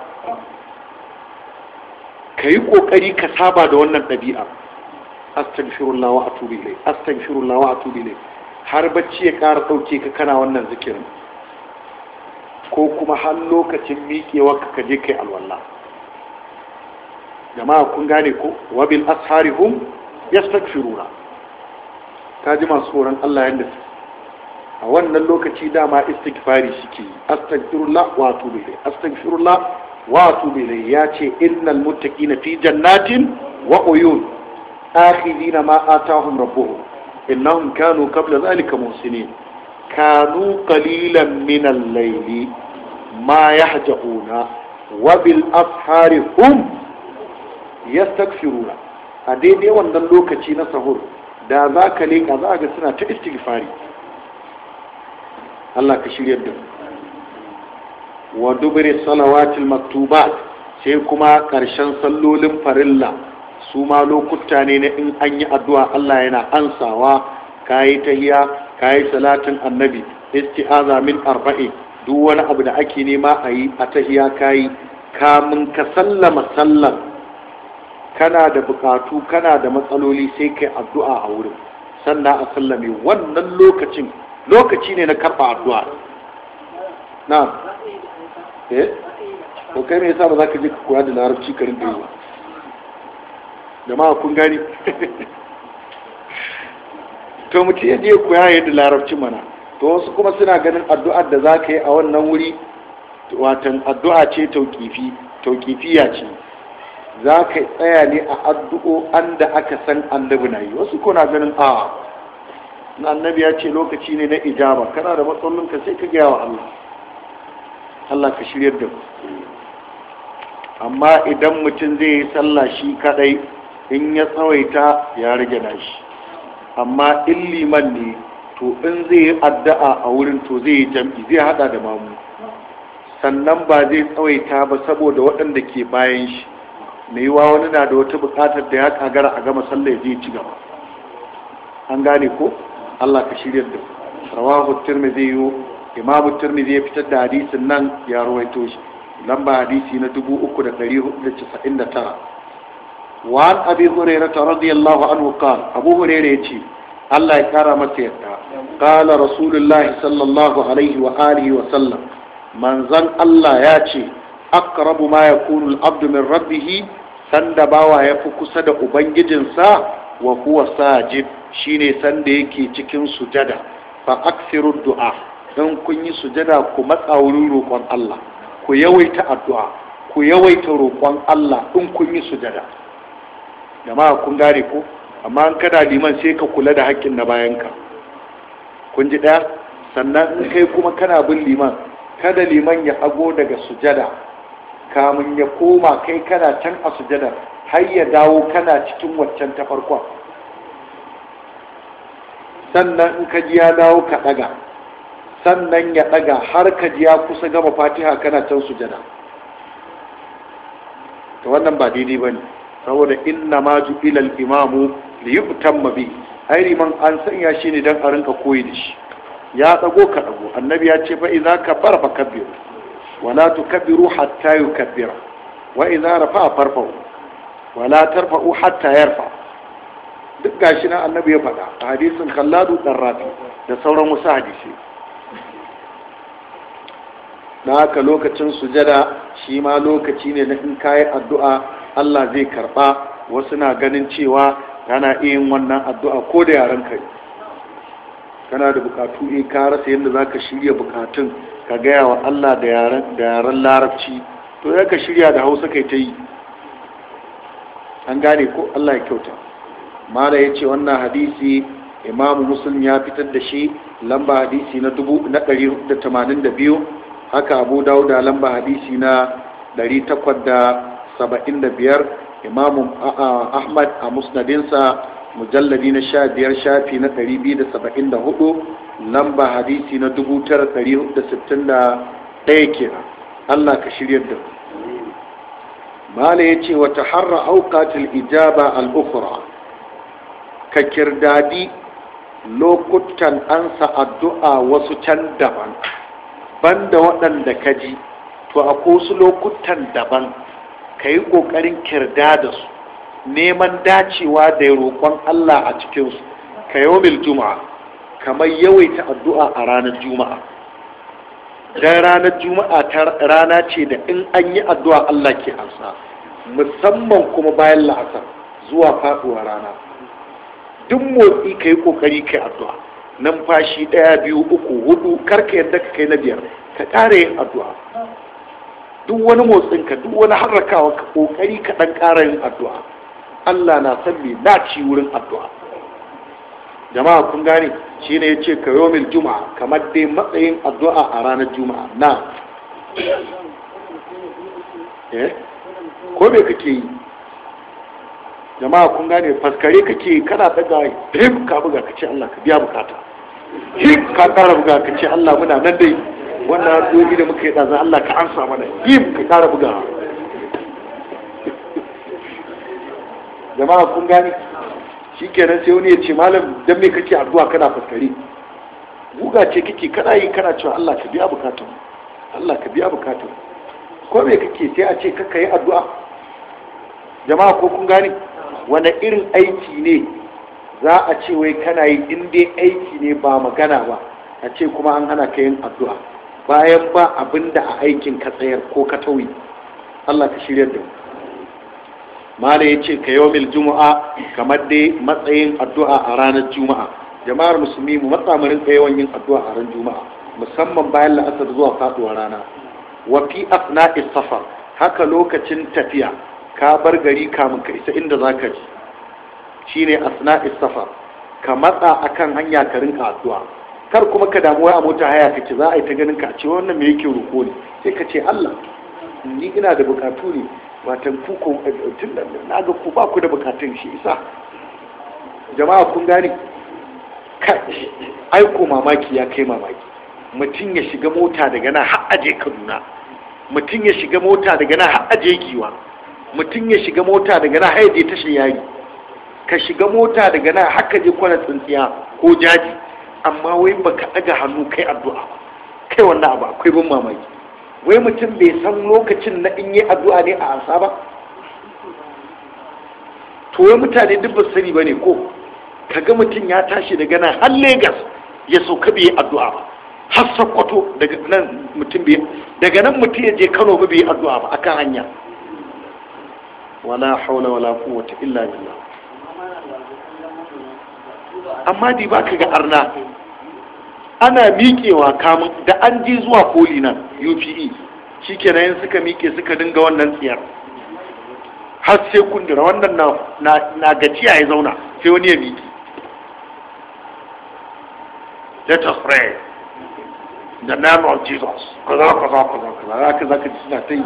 ka yi ƙoƙari ka saba da wannan ɗabi'a astaghfirullah wa atubu ilai astaghfirullah wa atubu ilai har bacci ya ƙara ɗauke ka kana wannan zikirin ko kuma har lokacin miƙewa ka kaje kai alwala jama'a kun gane ko wabil asharihum yastaghfiruna kaji masu tsoron Allah yadda a wannan lokaci dama istighfari shike astaghfirullah wa atubu ilayhi astaghfirullah wa atubu ilayhi ya ce innal muttaqina fi jannatin wa uyun akhidina ma atahum rabbuhum innahum kanu qabla dhalika muhsinin kanu qalilan min al-layli ma yahja'una wa bil ashari hum yastaghfiruna a daidai wannan lokaci na sahur da za ka leƙa za ga suna ta istighfari Allah ka shirya da wa dubri salawatil maktubat sai kuma karshen sallolin farilla su ma lokuta ne na in an yi addu'a Allah yana ansawa kayi tahiya kayi salatin annabi isti'aza min arba'i duk wani abu da ake nema a yi a tahiya kayi kamun ka sallama sallar kana da bukatu kana da matsaloli sai kai addu'a a wurin sannan a sallame wannan lokacin lokaci ne na karɓa addu'a na eh Ko kai me yasa ba za ka je ka koya da larabci karin da ba jama'a kun gani [LAUGHS] to mutum ya je koya yadda larabci mana to wasu kuma suna ganin addu'ar da za ka yi a wannan wuri watan addu'a ce tauƙifi tauƙifiya ce za ka tsaya ne a addu'o'an da aka san annabi na yi wasu kuna ganin a na annabi ya ce lokaci ne na ijaba kana da matsalolinka sai ka gaya wa Allah Allah ka shiryar da ku. amma idan mutum zai yi sallah shi kadai in ya tsawaita ya rage nashi amma in liman ne to in zai yi addu'a a wurin to zai yi jam'i zai hada da mamu sannan ba zai tsawaita ba saboda waɗanda ke bayan shi mai yiwa wani na da wata buƙatar da ya kagara a gama sallah zai je ci gaba an gane ko Allah ka shirya da rawahu tirmidhi imamu tirmidhi ya fitar da hadisin nan ya ruwaito shi lamba hadisi na 3499 wa hure abi hurairah radiyallahu anhu qala abu hurairah yace Allah ya kara masa yadda qala rasulullahi sallallahu alaihi wa alihi wa sallam Manzan Allah ya ce aqrabu ma yakunu al-abdu min rabbih sanda bawa ya fi kusa da ubangijinsa wa huwa sajib shine sanda yake cikin sujada fa aksiru du'a dan kun yi sujada ku matsa wurin roƙon Allah ku yawaita addu'a ku yawaita roƙon Allah in kun yi sujada jama'a kun gane ko amma an kada liman sai ka kula da haƙƙin na bayanka kun ji ɗaya sannan in kai kuma kana bin liman kada liman ya hago daga sujada kamun ya koma kai kana can a sujada har ya dawo kana cikin waccan ta farkon sannan in ka ji ya dawo ka ɗaga sannan ya ɗaga har ka ji ya kusa gama fatiha kana can sujada ta wannan ba daidai ba ne saboda inna ma ju ilal imamu da yi utamma mabi hairi man an sanya shi ne don a rinka koyi da shi ya ɗago ka ɗago annabi ya ce za ka fara fa Kabiru. wala kabiru hatta yukabbira wa idza a farfahu wala tarfa'u hatta yarfa duk gashi nan annabi ya faɗa a hadisin khalladu dan da sauran wasu hadisi na haka lokacin sujada shi ma lokaci ne na in kayi addu'a Allah zai karɓa wasu na ganin cewa kana yin wannan addu'a ko da yaran kai kana da bukatu in eh, ka rasa yadda za ka shirya bukatun ka gaya wa Allah da yaran larabci to ya ka shirya da hausa kai ta yi an gane ko Allah ya kyauta mala ya ce wannan hadisi imamu muslim ya fitar da shi lamba hadisi na 482 haka abu dauda lamba hadisi na 875 imamu ahmad a musnadinsa mujalladi na sha biyar shafi na ɗari biyu da saba'in da hudu lamba hadisi na dubu tara ɗari da sittin da ɗaya allah ka shirya da ku. mala ya ce wata harra aukatul ijaba al'ukura ka kirdadi lokutan ansa addu'a wasu can daban banda waɗanda ka ji to a su lokutan daban ka yi ƙoƙarin kirda da su neman dacewa da roƙon Allah a cikinsu ka yawmil juma'a kamar yawaita addu'a a ranar juma'a dan ranar juma'a ta rana ce da in an yi addu'a Allah ke amsa musamman kuma bayan la'asar zuwa faduwa rana duk motsi ka yi kokari ka yi addu'a numfashi ɗaya biyu uku hudu karka yadda ka kai na biyar ka ƙara yin addu'a duk wani motsin ka duk wani harrakawa ka kokari ka ɗan ƙara yin addu'a Allah na san me na ci wurin addu'a jama'a kun gane shine ce ka yomil juma'a kamar dai matsayin addu'a a ranar juma'a na eh? ko me kake yi jama'a kun gane faskare kake kana daga him ka buga ka ce Allah ka biya bukata him ka kara buga ka ce Allah muna nan dai wannan dogi da muka yi da Allah ka ansa mana him ka kara buga [LAUGHS] jama'a kun gane kenan sai wani ya ce malam don me kake addu'a kana faskare guga ce kake kana yi kana cewa Allah ka biya bukatun Allah ka biya bukatun ko me kake sai a ce kaka yi addu'a jama'a ko kun gane wani irin aiki ne za a ce wai kana yi in dai aiki ne ba magana ba a ce kuma an hana ka yin addu'a bayan ba abinda a aikin ka tsayar ko ka tauyi Allah ka shirya da mu mala ya ce ka yawmil juma'a kamar dai matsayin addu'a a ranar juma'a jama'ar musulmi mu matsa mu yawan yin addu'a a ranar juma'a musamman bayan la'asar zuwa faɗuwa rana Wafi fi asna'is haka lokacin tafiya ka bar gari kamun ka isa inda za ka ji Shi ne asna'is safar ka matsa a kan hanya ka rinka addu'a kar kuma ka damu a mota haya ka ce za a yi ta ganin ka a ce wannan me yake roko ne sai ka ce Allah ni ina da bukatu ne watan kuku eh, tun da na ga ku ba ku da bukatun shi isa jama'a kun gane aiko mamaki ya kai mamaki mutum ya shiga mota daga na haɗaje Kaduna mutum ya shiga mota daga na haɗaje Giwa mutum ya shiga mota daga na har je tashi yayi ka shiga mota daga na haka je kwana tsintsiya ko jaji amma wai baka daga hannu kai addu'a ba kai wannan abu akwai ban mamaki wai mutum bai san lokacin na in yi addu'a ne a ansa ba to wai mutane duk ba sani ba ne ko kaga mutum ya tashi daga nan har Legas ya sauka bai yi addu'a ba har Sokoto daga nan mutum bai daga nan mutum ya je Kano ba bai yi addu'a ba akan hanya wala haula wala quwwata illa billah amma di baka ga arna ana miƙewa kamun da an ji zuwa koli nan upe shi kenan yin suka miƙe suka dinga wannan tsiyar har sai kundura wannan na gajiya ya zauna sai wani ya miƙe let us pray the name of jesus kaza kaza kaza kaza za ka za ka ji suna ta yi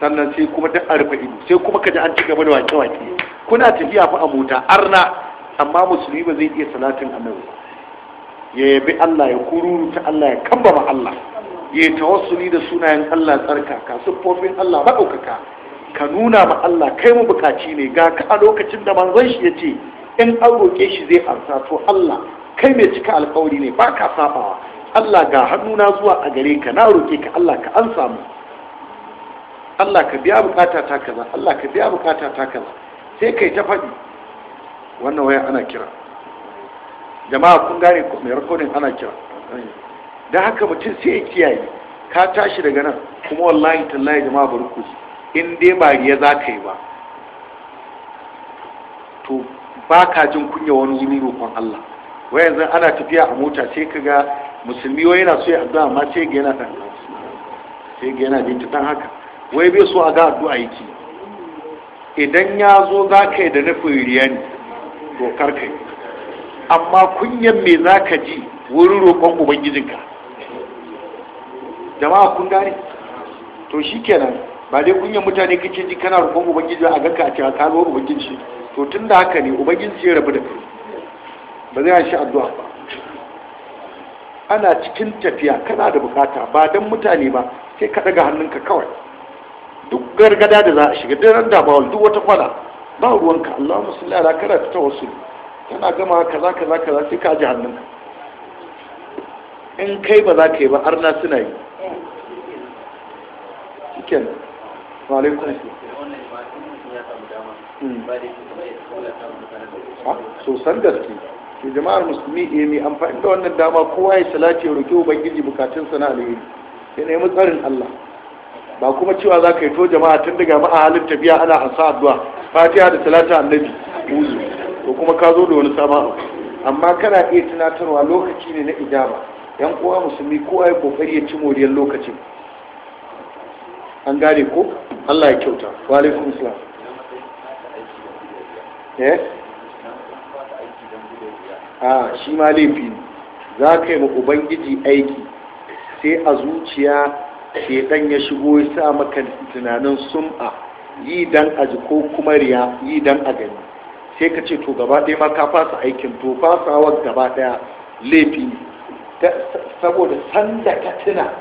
sannan sai kuma duk arba'in sai kuma ka ji an ci gaba da wake-wake kuna tafiya fa a mota arna amma musulmi ba zai iya salatin annabi ba ya yabi Allah ya kururuta Allah ya kambama Allah ya tawassuli da sunayen Allah tsarkaka siffofin Allah maɗaukaka ka nuna ma Allah kai mu bukaci ne ga ka a lokacin da manzon shi ya ce in an roƙe shi zai amsa to Allah kai mai cika alƙawari ne ba ka sabawa Allah ga hannuna zuwa a gare ka na roƙe ka Allah ka an samu Allah ka biya bukata ta kaza Allah ka biya bukata ta kaza sai kai ta faɗi wannan waya ana kira jama'a kun gane mai rikodin ana kira don haka mutum sai ya kiyaye ka tashi daga nan kuma wallahi tallahi jama'a bari ku in dai ba riya za ka yi ba to ba ka jin kunya wani wuni roƙon Allah wai yanzu ana tafiya a mota sai ka ga musulmi wai yana so ya addu'a amma sai ga yana da sai ga yana binta dan haka wai bai so a ga addu'a yake idan ya zo za ka yi da nufin riya ne to karka yi amma kunyan me za ka ji wurin roƙon ubangijinka jama'a kun gane to shi kenan ba dai kunyan mutane kake ji kana roƙon ubangiji a ganka a cewa ka zo ubangiji to tun da haka ne ubangiji ya rabu da kai ba zai shi addu'a ba ana cikin tafiya kana da bukata ba don mutane ba sai ka daga hannunka kawai duk gargada da za a shiga duk ran duk wata kwana ba ruwanka Allahumma salli ala kana ta tawassul kana gama kaza kaza kaza sai ka ji hannunka in kai ba za ka yi ba arna suna yi Cikin, malaikun su san gaske ke jama'ar musulmi eh mai amfani da wannan dama kowa ya salace ya roki ubangiji bukatunsa na alheri ya nemi tsarin Allah ba kuma cewa za ka yi to jama'a tun daga ma'a halin tafiya ana hasa addu'a fatiha da salata annabi uzu to kuma ka zo da wani sama sabon amma kana iya tunatarwa lokaci ne na ijaba yan kowa musulmi ko ya kokari ya ci moriyar lokacin an gane ko Allah ya kyauta wa alaikum eh? a shi ma laifi ne za ka yi ma ubangiji aiki sai a zuciya shekan ya shigo ya sa maka tunanin sum'a yi dan aji ko kuma riya yi dan a gani sai ka ce to gaba ɗaya ma ka fasa aikin to fasawar gaba ɗaya laifi ne saboda sanda ka tuna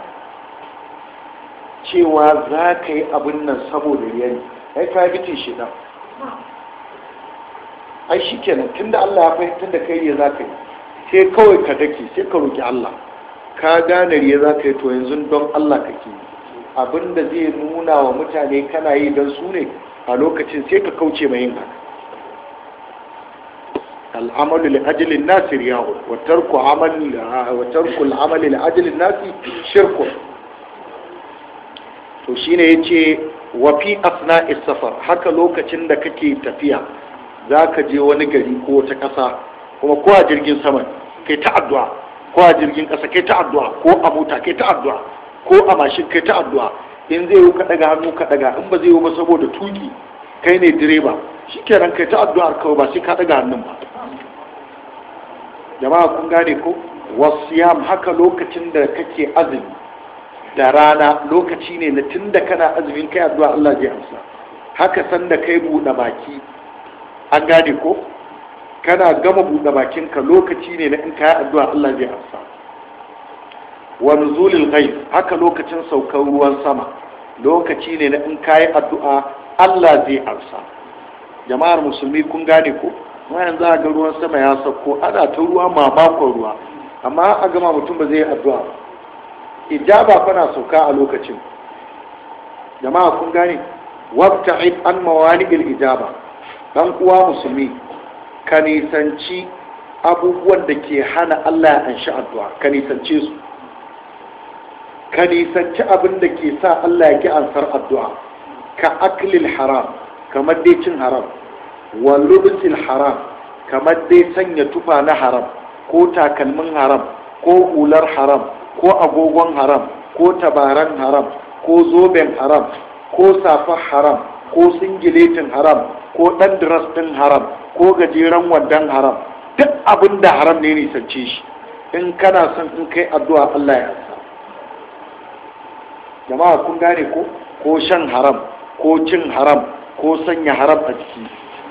cewa za ka yi abin nan saboda yari, ai ka yi shi nan ai shi kenan tunda Allah ya fahimtar da kai ne za ka yi sai kawai ka dake sai ka roƙi Allah ka gane riya za ka yi to yanzu don Allah ka ke. abin da zai nuna wa mutane kana yi don su ne a lokacin sai ka kauce mai yin haka al'amalu li ajilin nasi riyahu wa tarku amali wa tarku al'amali li ajilin nasi shirku to shine yace wa fi asna'is safar haka lokacin da kake tafiya zaka je wani gari ko ta kasa kuma ko a jirgin sama kai ta addu'a ko a jirgin kasa kai ta addu'a ko a mota kai ta addu'a ko a mashin kai ta addu'a in zai yi ka daga hannu ka daga in ba zai yi ba saboda tuki kai ne direba shi ke kai ta addu'ar kawai ba sai ka daga hannun ba jama'a kun gane ko yam haka lokacin da kake azumi da rana lokaci ne na tun da kana azumin kai addu'a Allah zai amsa haka san da kai buɗe baki an gane ko kana gama buɗe ka lokaci ne na in ka yi addu'a Allah zai amsa wa nuzulil ghaib haka lokacin saukar ruwan sama lokaci ne na in ka yi addu'a Allah zai arsa jama'ar musulmi kun gane ko wayan za a ga ruwan sama ya sauko ana ta ruwa bakon ruwa amma a gama mutum ba zai yi addu'a ijaba fa na sauka a lokacin jama'a kun gane wabta'id an mawani'il ijaba dan uwa musulmi ka nisanci abubuwan da ke hana Allah ya anshi addu'a ka nisance su ka nisanci abin da ke sa Allah ya ki ansar addu'a ka aklil haram kamar dai cin haram wa lubsil haram kamar dai sanya tufa na haram ko takalmin haram ko hular haram ko agogon haram ko tabaran haram ko zoben haram ko safar haram ko singiletin haram ko ɗan diras ɗin haram ko gajeren wandan haram duk abin da haram ne nisance shi in kana son in kai addu'a Allah ya jama'a kun gane ko ko shan haram ko cin haram ko sanya haram a jiki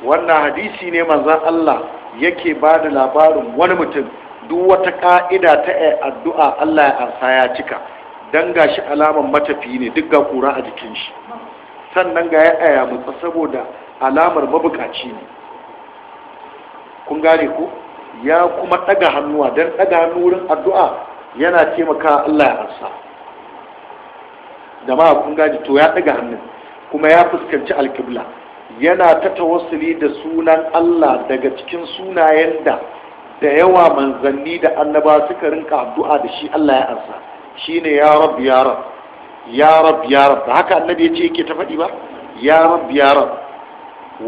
wannan hadisi ne manzan Allah yake ba da labarin wani mutum duk wata ka'ida ta addu'a Allah ya ansa ya cika dan gashi alaman matafi ne duk ga kura a jikin shi sannan ga ya aya mutsa saboda alamar mabukaci ne kun gane ku ya kuma ɗaga hannuwa don ɗaga hannu wurin addu'a yana taimaka Allah ya ansa da ma kun gane to ya ɗaga hannun kuma ya fuskanci alkibla yana ta tawassuli da sunan Allah daga cikin sunayen da da yawa manzanni da annaba suka rinka addu'a da shi Allah ya ansa shine ya rab ya rab ya rab ya rab haka annabi yace yake ta faɗi ba ya rab ya rab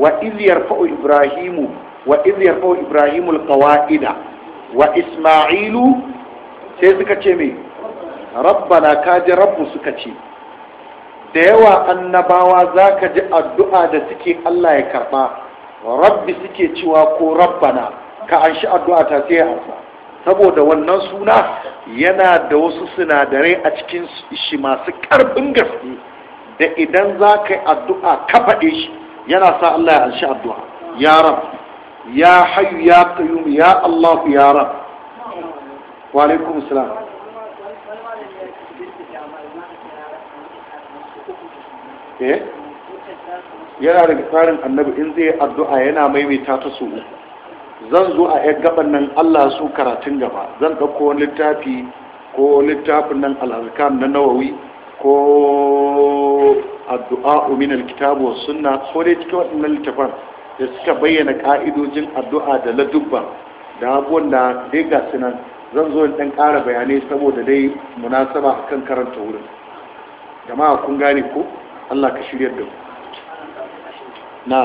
wa iz yarfa'u ibrahimu wa iz yarfa'u ibrahimu alqawaida wa isma'ilu sai suka ce me rabbana kaji rabbu suka ce da yawa annabawa za ka ji addu'a da suke Allah ya karɓa rabbi suke cewa ko rabbana ka an shi addu'a ta sai hasa saboda wannan suna yana da wasu sinadarai a cikin shi masu ƙarfin gaske da idan za ka yi addu'a ka faɗe shi yana sa Allah ya an shi addu'a ya rab ya hayu ya kayu ya Allah ya rab wa alaikum salam Eh? yana da tsarin annabi in zai addu'a yana maimaita ta su zan zo a yan gaban nan Allah su karatun gaba zan ɗauko wani littafi ko littafin nan al'arkan na nawawi ko addu'a umin alkitabu wasu sunna ko dai cikin waɗannan littafan da suka bayyana ƙa'idojin addu'a da ladubba da abubuwan da dai ga sunan zan zo dan ƙara bayanai saboda dai munasaba akan karanta wurin jama'a kun gane ko Allah ka shirya da na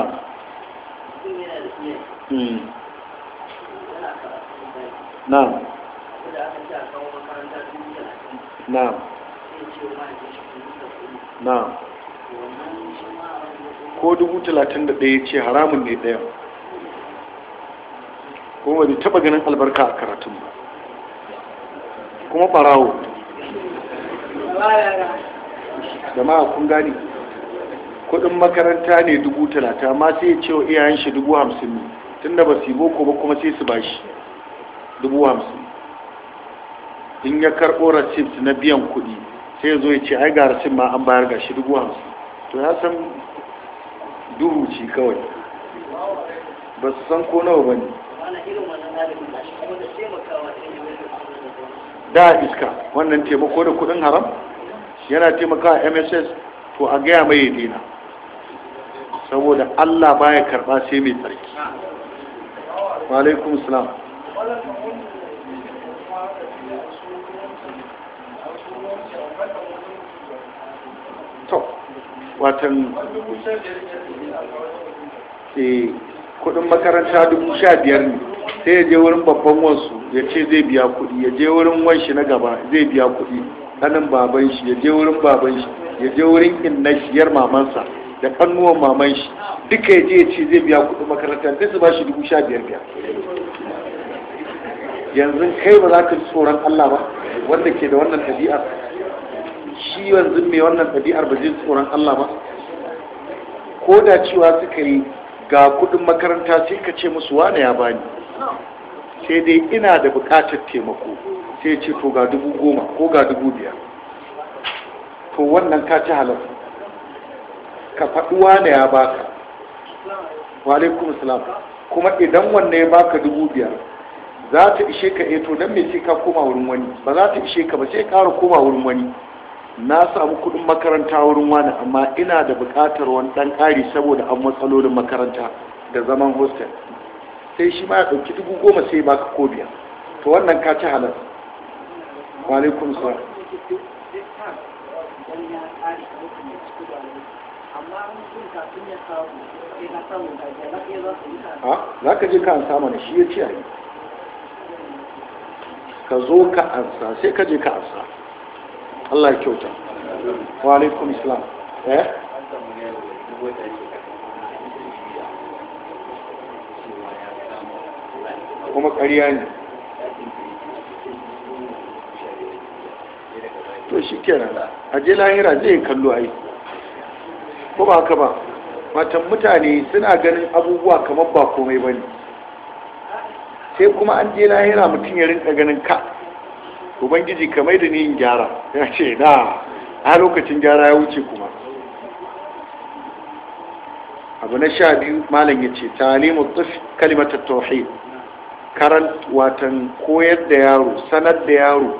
na na na ko dubu talatin da ɗaya ce haramun ne ɗaya kuma bai taɓa ganin albarka a karatun ba kuma ɓarawo ma kun gani kudin makaranta ne dubu talata ma sai ya ce wa iyayen shi dubu hamsin ne tun da ba su yi boko ba kuma sai su ba shi dubu hamsin in ya karɓo receipt na biyan kuɗi sai ya zo ya ce ai ga receipt ma an bayar ga shi dubu hamsin to ya san duhu ci kawai ba su san ko nawa ba ne da iska wannan taimako da kuɗin haram yana taimakawa mss to a gaya mai daina saboda Allah baya karba sai mai tsarki wa alaikum to watan eh kudin makaranta dubu sha biyar ne sai ya je wurin babban wansu ya ce zai biya kudi ya je wurin wanshi na gaba zai biya kudi ɗanin baban shi ya je wurin baban shi ya je wurin inna shiyar mamansa da fannuwan maman shi duka ya je ya ce zai biya kuɗin makaranta sai su ba shi dubu sha biyar biyar yanzu kai ba za ka ji tsoron Allah ba wanda ke da wannan tabi'ar? shi yanzu mai wannan tabi'ar ba zai tsoron Allah ba ko da cewa suka yi ga kuɗin makaranta sai ka ce musu wane ya bani sai dai ina da buƙatar taimako sai ce to ga dubu goma ko ga dubu biyar to wannan ka ci halar ka faɗuwa ne ya baka walaikum salam kuma idan wanne ya baka dubu biyar za ta ishe ka eto eh don me sai ka koma wurin wani ba za ta ishe ka ba sai ƙara koma wurin wani na samu kuɗin makaranta wurin wani amma ina da buƙatar wani ɗan ƙari saboda an matsalolin makaranta da zaman hostel sai shi ma ya ɗauki dubu goma sai baka ko biya to wannan ka ci halar walaikum salam za ka je ka ansa mana shi ya ce yi ka zo ka ansa sai ka je ka ansa Allah ya kyauta wa alaikum islam eh kuma kariya ne to shi kenan a je lahira zai kallo ayi. ko ba haka ba matan mutane suna ganin abubuwa kamar ba komai ba ne sai kuma an je lahira mutum ya rinka ganin ka ubangiji kamar da ni in gyara ya ce na a lokacin gyara ya wuce kuma abu na sha biyu malam ya ce talimu tsif kalimata tauhid karan watan koyar da yaro sanar da yaro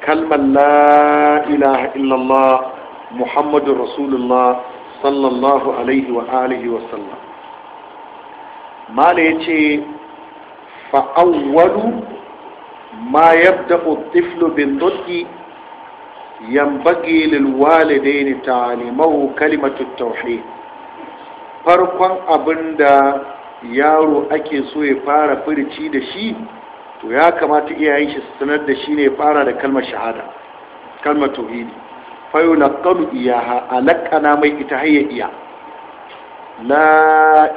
kalmar la ilaha illallah muhammadun rasulullah sallallahu alaihi wa alihi wa sallam mala yace fa awwalu ma yabda'u at-tiflu bin nutqi yanbaghi lil walidayn ta kalimatu at-tauhid farkon abinda yaro ake so ya fara firici da shi to ya kamata iyayen shi su sanar da shi ne fara da kalmar shahada kalmar tauhidi fayu laqanu iyaha lakana mai ita hayya iya la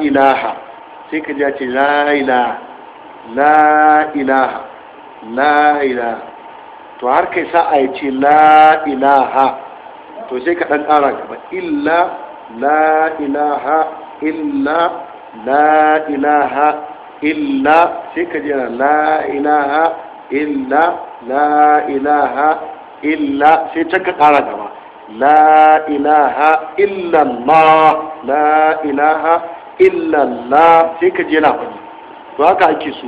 ilaha sai ka ji ce la ilaha la ilaha la ilaha to har kai sa'a ya ce la ilaha to sai ka dan ƙara gaba illa la ilaha illa la ilaha illa sai ka ji la ilaha illa la ilaha illa sai can ka gaba la ilaha illallah la ilaha illallah sai ka je na to haka ake so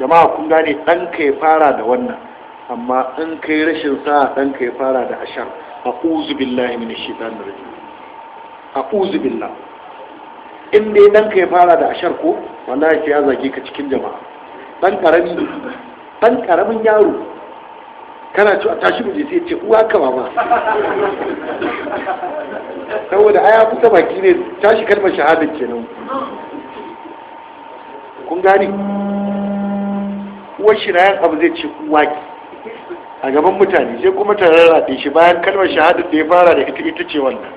jama'a kun gane ka ya fara da wannan amma in kai rashin sa ka ya fara da ashar a'udhu billahi minash shaitanir rajim a'udhu billah in dai ka ya fara da ashar ko wallahi sai ya zage ka cikin jama'a Dan ƙaramin yaro kana cewa tashi muje sai ce uwa ka mama saboda aya kusa baki ne tashi kalmar shahada kenan kun gani uwar shi na yan abu zai ce uwa ki a gaban mutane sai kuma ta rarrabe shi bayan kalmar shahada da ya fara da ita ita ce wannan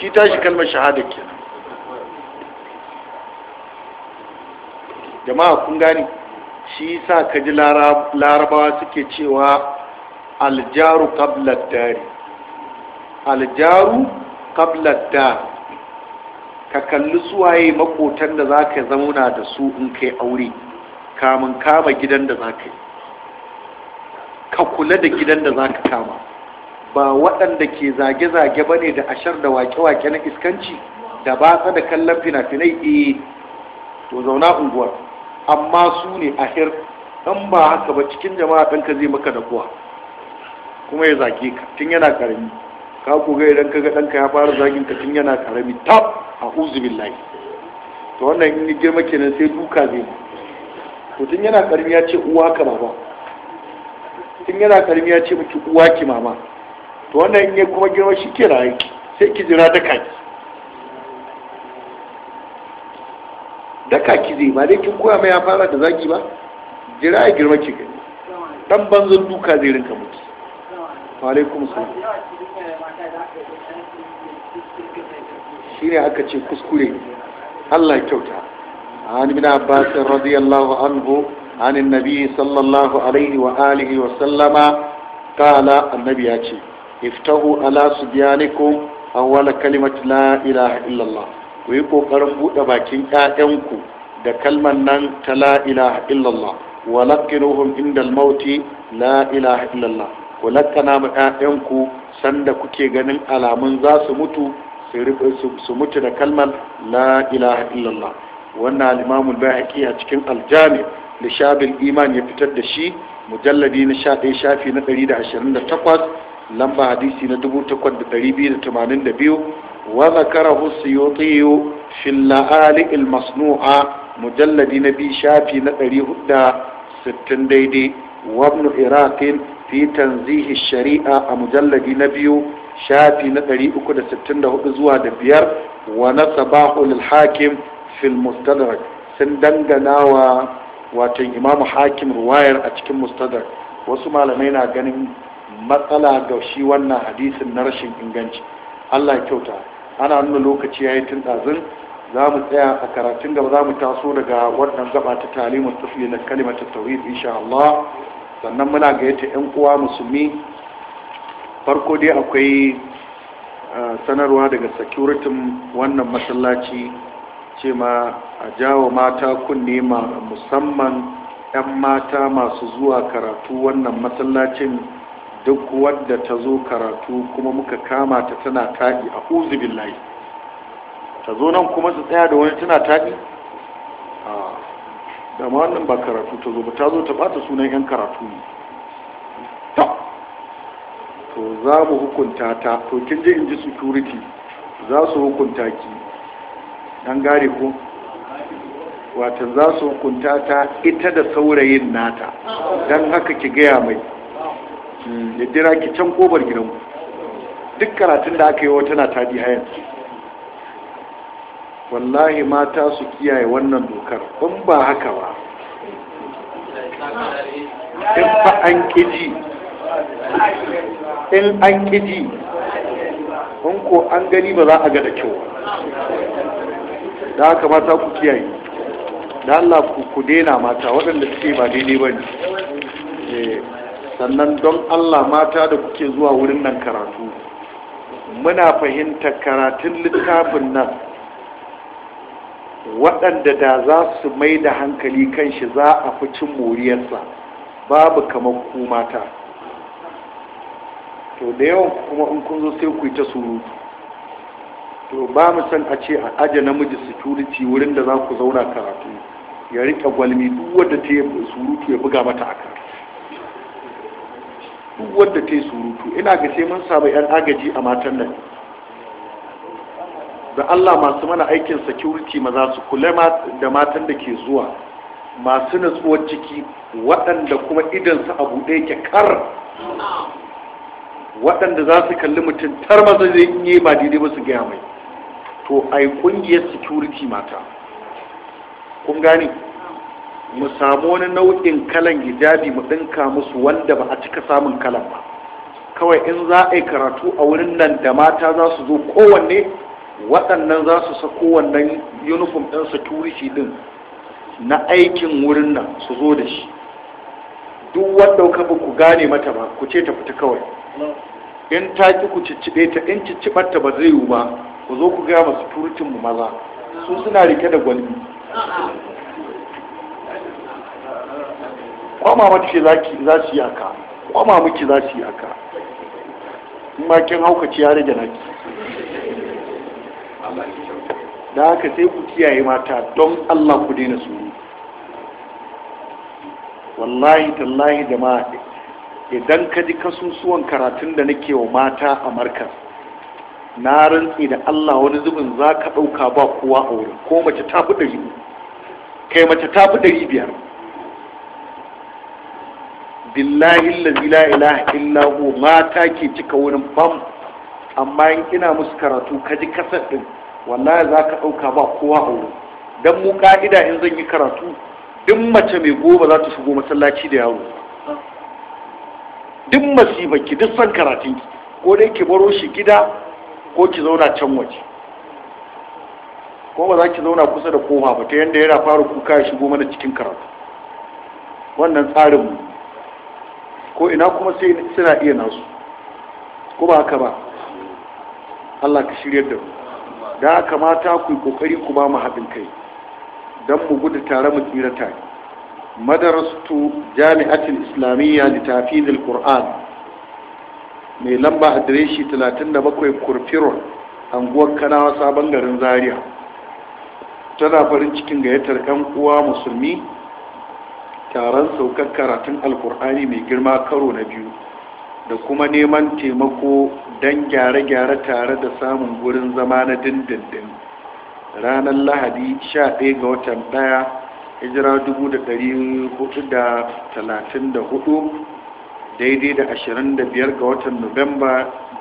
shi tashi kalmar shahada kenan jama'a kun gani shi sa ka ji larabawa suke cewa aljaru qabla dari aljaru qabla dar ka kalli suwaye makotan da za ka zauna da su in kai aure kamun kama gidan da za ka yi ka kula da gidan da za ka kama ba waɗanda ke zage-zage ba ne da ashar da wake-wake na iskanci da ba da kallon fina-finai e to zauna unguwar amma su ne ahir in ba haka ba cikin jama'a ɗanka zai maka da kuwa kuma ya zage ka tun yana karami ka koga idan kaga ɗanka ya fara zagin ka tun yana karami tab a uzubillahi to wannan in girma kenan sai duka zai to tun yana karami ya ce uwa ka baba tun yana karami ya ce miki uwa ki mama to wannan in ya kuma girma shi ke raye sai ki jira daka ki daka ki zai ba dai kin koya mai ya fara da zagi ba jira ya girma ki gani dan banzan duka zai rinka miki alaikum salam shine aka ce kuskure Allah ya kyauta an ibn abbas radiyallahu anhu an annabi sallallahu alaihi wa alihi wa sallama qala annabi ya ce iftahu ala subyanikum awwala kalimati la ilaha illallah ku yi kokarin bude bakin ƴaƴanku da kalmar nan ta la ilaha illallah wa laqinuhum inda al-mauti la ilaha illallah ku lattana mu ƴaƴanku sanda kuke ganin alamun za su mutu su mutu da kalmar la ilaha illallah wannan al-imamul bayhaqi a cikin aljami da iman ya fitar da shi mujalladi na 11 shafi na 128 lamba hadisi na 8282 wa zakarahu suyuti fi al ali al-masnu'a mujalladi na 2 shafi na sittin daidai wa ibn iraqin fi tanzihi shari'a a mujalladi na biyu shafi na 364 zuwa da biyar wa nasabahu lil hakim fil mustadrak sun dangana wa watan imamu hakim ruwayar a cikin mustadrak wasu malamai na ganin matsala ga shi wannan hadisin na rashin inganci Allah kyauta ana nuna lokaci yayi tun ɗazun za mu tsaya a karatun gaba za mu taso daga wannan gaba ta talimin tafiye na kalimatar tauhid insha Allah sannan muna gayyata 'yan uwa musulmi farko dai akwai sanarwa daga securitin wannan masallaci ce ma a jawo mata kunne musamman 'yan mata masu zuwa karatu wannan masallacin duk wadda ta zo karatu kuma muka kama ta tana taɗi a layi ta zo nan kuma su tsaya da wani tana taɗi ma wannan ba karatu ta zo ba ta zo ta bata sunan yan karatu ne to za mu hukunta ta to kin je in ji security za su hukunta ki dan gare ko wata za su hukunta ta ita da saurayin nata dan haka ki gaya mai hmm, ya jira ki can kobar gidanku duk karatun da aka yi wa tana tadi hayan wallahi mata su kiyaye wannan dokar in ba haka ba in fa an kiji in an kiji in ko an gani ba za a ga da kyau da haka mata ku kiyaye da Allah ku dena mata waɗanda suke ba daidai ba ne eh, sannan don Allah mata da kuke zuwa wurin nan karatu muna fahimtar karatun littafin nan waɗanda da za su mai da hankali kan shi za a fi cin moriyarsa babu kamar ku mata to da yawan kuma in kun zo sai ku yi ta surutu to ba mu san a ce a aje namiji security wurin da za ku zauna karatu ya rika gwalmi duk wadda ta yi surutu ya buga mata aka duk wadda ta yi surutu ina ga sai mun samu yan agaji a matan nan da Allah masu mana aikin security maza su kula da matan da ke zuwa masu natsuwar ciki waɗanda kuma idansu a buɗe yake kar waɗanda za su kalli mutum tar maza zai yi ba daidai ba su gaya mai to a yi ƙungiyar security mata kun gane mu samu wani nau'in kalan hijabi mu ɗinka musu wanda ba a cika samun kalan ba kawai in za a yi karatu a wurin nan da mata za su zo kowanne waɗannan za su sako wannan uniform ɗin security ɗin na aikin wurin nan su zo da shi duk wanda ka bi ku gane mata ba ku ce ta fita kawai in ta ki ku ciccibe ta in cicciɓar ta ba zai yiwu ba ku zo ku gaya masu turucin mu maza su suna rike da gwalbi kwama mace za su yi aka kwama miki za su yi aka in ma kin haukaci ya rage naki da haka sai ku kiyaye mata don Allah ku daina su wallahi tallahi ma idan ka ji kasusuwan karatun da nake wa mata a markas na rantsi da Allah wani zubin za ka ɗauka ba kowa a wurin ko mace ta fi ɗari kai mace ta fi ɗari biyar billahi lazi la ilaha illa mata ke cika wurin bam amma in ina musu karatu ka ji kasar ɗin wallahi za ka ɗauka ba kowa aure don mu ƙa'ida in zan yi karatu duk mace mai goma za ta shigo masallaci da yaro duk masifanki duk son karatunki ko dai ki baro shi gida ko ki zauna can waje ko ba za ki zauna kusa da koma ba ta yadda yana fara kuka ya shigo mana cikin karatu wannan tsarin mu ko ina kuma sai suna iya nasu ko ba haka ba Allah ka shiryar da mu da kamata ku yi kokari ku ba mu haɗin kai don mu gudu tare mu tsira tare madarastu jami'atul islamiyya da tafizil qur'an mai lamba adireshi 37 kurfiron anguwar kanawa sabon garin zaria tana farin cikin gayyatar 'yan uwa musulmi taron saukar karatun alkur'ani mai girma karo na biyu da kuma neman taimako don gyare-gyare tare da samun gurin zama na dindindin ranar lahadi 11 ga watan 1 hijira 1434 daidai da 25 ga watan nuwamba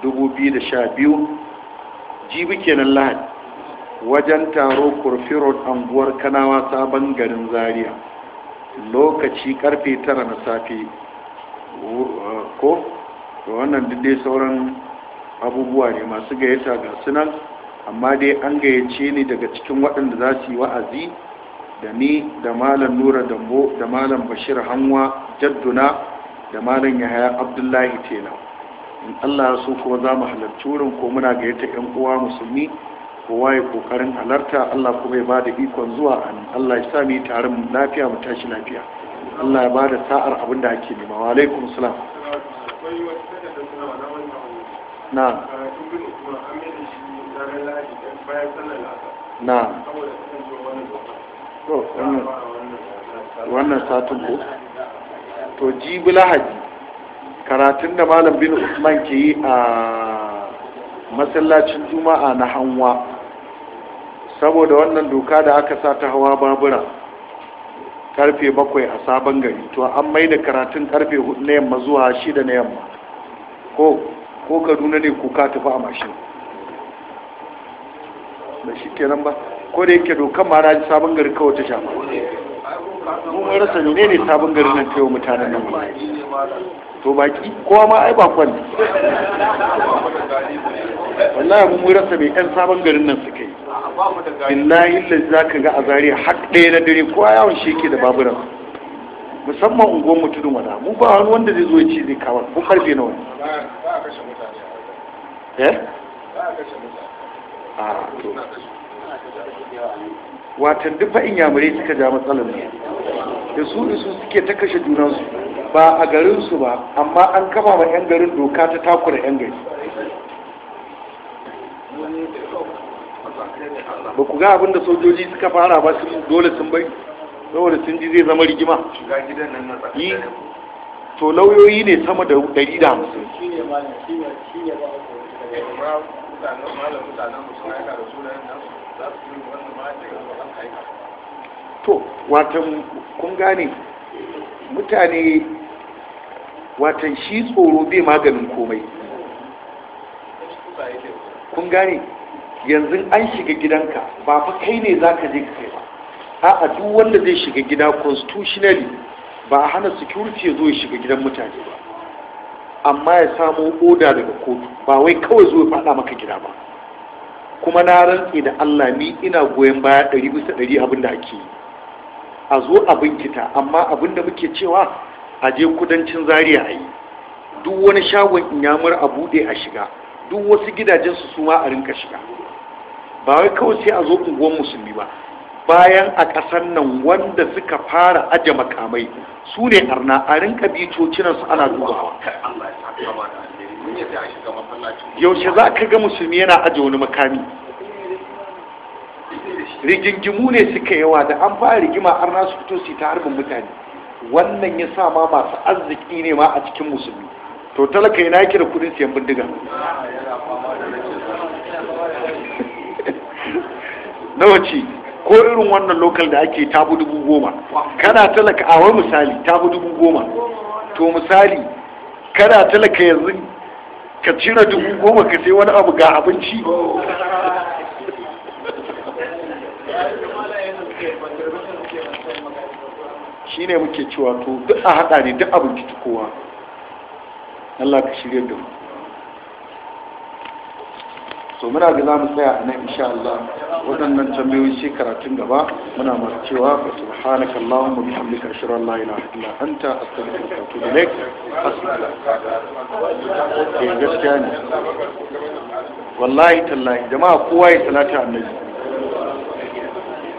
2012 jibi kenan lahadi wajen taro kurfirot anguwar kanawa sabon garin zaria lokaci karfe 9 na safe ko to wannan duk dai sauran abubuwa ne masu gayyata ga sunan amma dai an gayyace ni daga cikin waɗanda za su yi wa'azi da ni da malam nura dambo da malam bashir hanwa jadduna da malam yahaya abdullahi tela in allah su kuma za mu halarci wurin ko muna gayyata yan uwa musulmi kowa ya kokarin halarta allah kuma ya ba da ikon zuwa allah ya sa mu taron lafiya mu tashi lafiya allah ya bada da sa'ar abin da ake nema wa alaikum salam wannan satun ko to jibila haji karatun da malam bin usman ke yi a masallacin juma'a na hanwa saboda wannan doka da aka sa ta hawa babura karfe bakwai a sabon gari to an mai da karatun karfe hudu na yamma zuwa shida na yamma ko ko kaduna ne kuka tafi a mashin da shi kenan ba ko da yake dokan ma raji sabon gari kawai ta shafa mun rasa ne ne sabon gari nan ta yi mutanen nan to baki kowa ma ai ba ne wallahi mun rasa mai yan sabon garin nan suka yi billahi za zaka ga azari har ɗaya na dare kowa yawon sheke da baburan musamman unguwar mutudun wala mu ba wani wanda zai zo ya ci zai kawar ko karfe nawa eh a ah, to watan dufa in yamurai suka ja matsalar ne. da su isu suke ta kashe junansu ba a garinsu ba amma an kama ma 'yan garin doka ta takura 'yan gari ba ku ga abinda sojoji suka fara ba sun dole sun bai saboda sun ji zai zama rigima yi to lauyoyi ne sama da 150 to wata kun gane mutane watan shi tsoro bai maganin komai kun gane yanzu an shiga gidanka ba fa kai ne za ka je ka kai ba a'a duk wanda zai shiga gida constitutionally ba a hana security ya zo ya shiga gidan mutane ba amma ya samo oda daga kotu ba wai kawai zo ya faɗa maka gida ba kuma na rantse da Allah ni ina goyon baya ɗari bisa ɗari abin da ake yi a zo abin kita, amma abin da muke cewa a je kudancin zaria a yi duk wani shagon inyamur a bude a shiga duk wasu gidajen su suma a rinka shiga ba wai kawai sai a zo unguwar musulmi ba bayan a ƙasar nan wanda suka fara aje makamai su ne arna a rinka ana dubawa yaushe za ka ga musulmi yana aje wani makami rigingimu ne suka yawa da an fara rigima arna su fito su ta harbin mutane wannan ya sa ma masu arziki ne ma a cikin musulmi to talaka yana yake da kudin siyan bindiga [LAUGHS] na wace ko irin wannan lokal da ake tabu dubu goma kana talaka a wani misali tabu dubu goma to misali kana talaka yanzu ka cire dubu goma ka sai wani abu ga abinci [LAUGHS] shi ne muke cewa to duk a haɗa ne duk abin kici kowa Allah ka shirya da mu so muna ga mu tsaya a nan insha Allah waɗannan tambayoyi shi karatun gaba muna masu cewa fa subhanaka allahumma bihamdika ashhadu an la ilaha illa anta astaghfiruka wa atubu Ke eh, gaskiya ne wallahi tallahi jama'a kowa ya salata annabi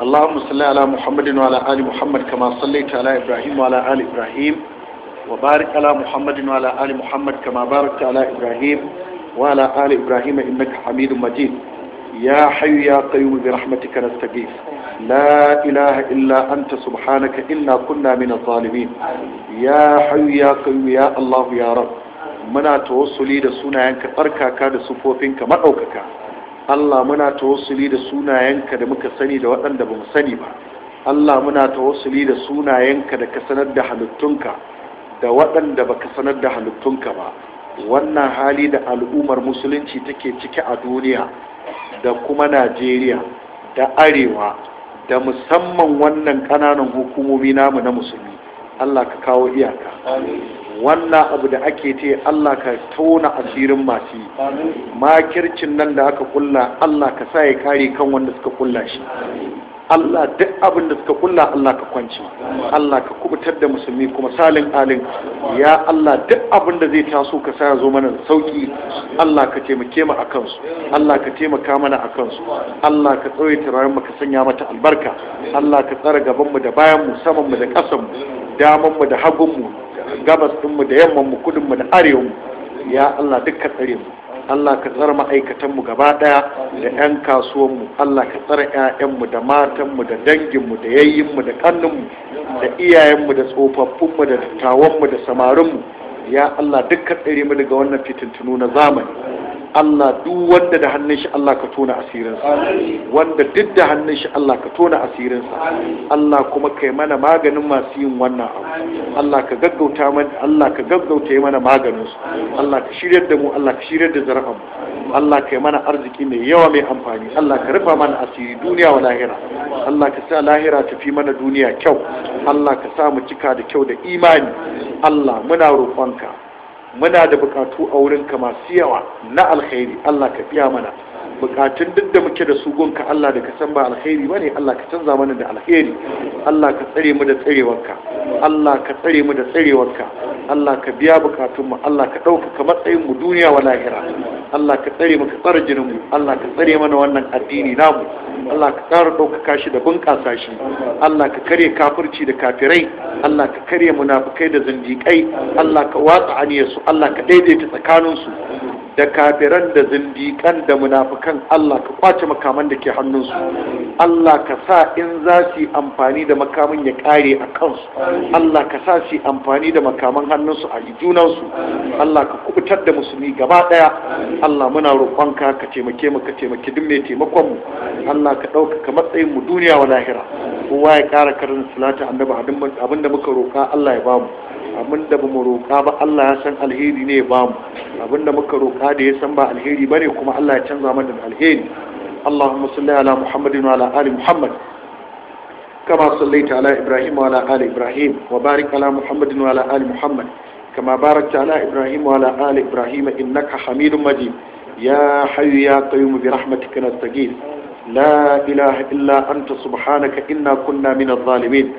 اللهم صل على محمد وعلى آل محمد كما صليت على إبراهيم وعلى آل إبراهيم وبارك على محمد وعلى آل محمد كما باركت على إبراهيم وعلى آل إبراهيم إنك حميد مجيد يا حي يا قيوم برحمتك نستغيث لا إله إلا أنت سبحانك إنا كنا من الظالمين يا حي يا قيوم يا الله يا رب muna tawassuli da sunayenka tsarkaka da sufofinka maɗaukaka Allah muna tawassuli da sunayenka da muka sani da waɗanda ba sani ba Allah muna tawassuli da sunayenka da ka sanar da halittunka da waɗanda ba ka sanar da halittunka ba wannan hali da al'ummar musulunci take ciki a duniya da kuma najeriya da arewa da musamman wannan ƙananan hukumomi namu na musulmi allah ka kawo iyaka wannan abu da ake ce Allah ka tona asirin masu yi. makircin nan da aka kulla Allah ka sa ya kare kan wanda suka kulla shi Allah duk abin da suka kulla Allah ka kwanci Allah ka kubutar da musulmi kuma salin alin ya Allah duk abin da zai taso ka sa zo mana sauki Allah ka taimake mu akan su Allah ka taimaka mana akan su Allah ka tsoye turaren mu ka sanya mata albarka Allah ka tsara gabanmu da bayanmu, mu saman mu da ƙasan mu damanmu da hagunmu gabas mu, da yammanmu kudinmu da mu. ya Allah duk ka tsare mu Allah ka tsare ma'aikatanmu gaba ɗaya da 'yan kasuwanmu Allah ka tsare 'ya'yanmu da matanmu da danginmu da yayyinmu da mu, da iyayenmu da tsofaffinmu da mu, da samarinmu ya Allah duk ka tsare mu daga wannan fitintunu na zamani Allah duk wanda da hannun shi Allah ka tona asirinsa wanda duk da hannun shi Allah ka tona asirinsa Allah kuma kai mana maganin masu yin wannan abu Allah ka gaggauta mana Allah ka gaggauta yi mana maganin su Allah ka shiryar da mu Allah ka shiryar da zarafin Allah kai mana arziki mai yawa mai amfani Allah ka rufa mana asiri duniya wa lahira Allah ka sa lahira ta fi mana duniya kyau Allah ka sa mu cika da kyau da imani Allah muna roƙonka muna da bukatu a wurinka masu yawa na alkhairi Allah ka biya mana bukatun duk da muke da su gonka Allah da ka san ba alheri ba ne Allah ka canza mana da alheri. Allah ka tsare mu da tsarewarka Allah ka tsare mu da tsarewarka Allah ka biya bukatunmu Allah ka ɗaukaka matsayin mu duniya wa lahira Allah ka tsare mu ka tsare jinin mu Allah ka tsare mana wannan addini namu Allah ka ƙara ɗaukaka shi da bunƙasa shi Allah ka kare kafirci da kafirai Allah ka kare munafukai da zindiƙai Allah ka watsa aniyarsu Allah ka daidaita tsakaninsu da kafiran da zindikan da munafukan Allah ka kwace makaman da ke hannunsu Allah ka sa in za su amfani da makamin ya kare a kansu Allah ka sa su amfani da makaman hannunsu a junansu Allah ka kubutar da musulmi gaba daya Allah muna roƙonka ka taimake mu ka taimake duk mai taimakon mu Allah ka ɗaukaka matsayin mu duniya wa lahira kowa ya ƙara karin salata annabi abinda muka roƙa Allah ya bamu abin da ba mu roƙa ba Allah ya san alheri ne ba mu abin da muka roƙa da ya san ba alheri ba ne kuma Allah ya canza mana da alheri Allahumma salli ala Muhammadin wa ala ali Muhammad kama sallaita ala Ibrahim wa ala ali Ibrahim wa barik ala Muhammadin wa ala ali Muhammad kama barakta ala Ibrahim wa ala ali Ibrahim innaka Hamidum Majid ya hayyu ya bi rahmatika nastaghith لا إله إلا أنت سبحانك إنا كنا من الظالمين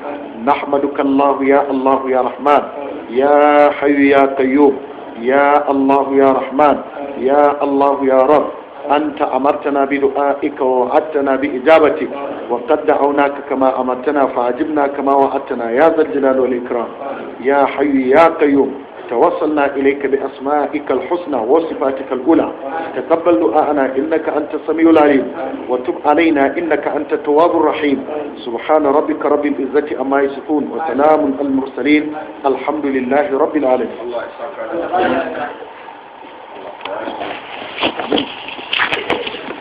نحمدك الله يا الله يا رحمن يا حي يا قيوم يا الله يا رحمن يا الله يا رب أنت أمرتنا بدعائك ووعدتنا بإجابتك وقد دعوناك كما أمرتنا فعجبنا كما وعدتنا يا ذا الجلال والإكرام يا حي يا قيوم توصلنا إليك بأسمائك الحسنى وصفاتك الأولى تقبل دعاءنا إنك أنت السميع العليم وتب علينا إنك أنت التواب الرحيم سبحان ربك رب العزة أما يصفون وسلام على المرسلين الحمد لله رب العالمين الله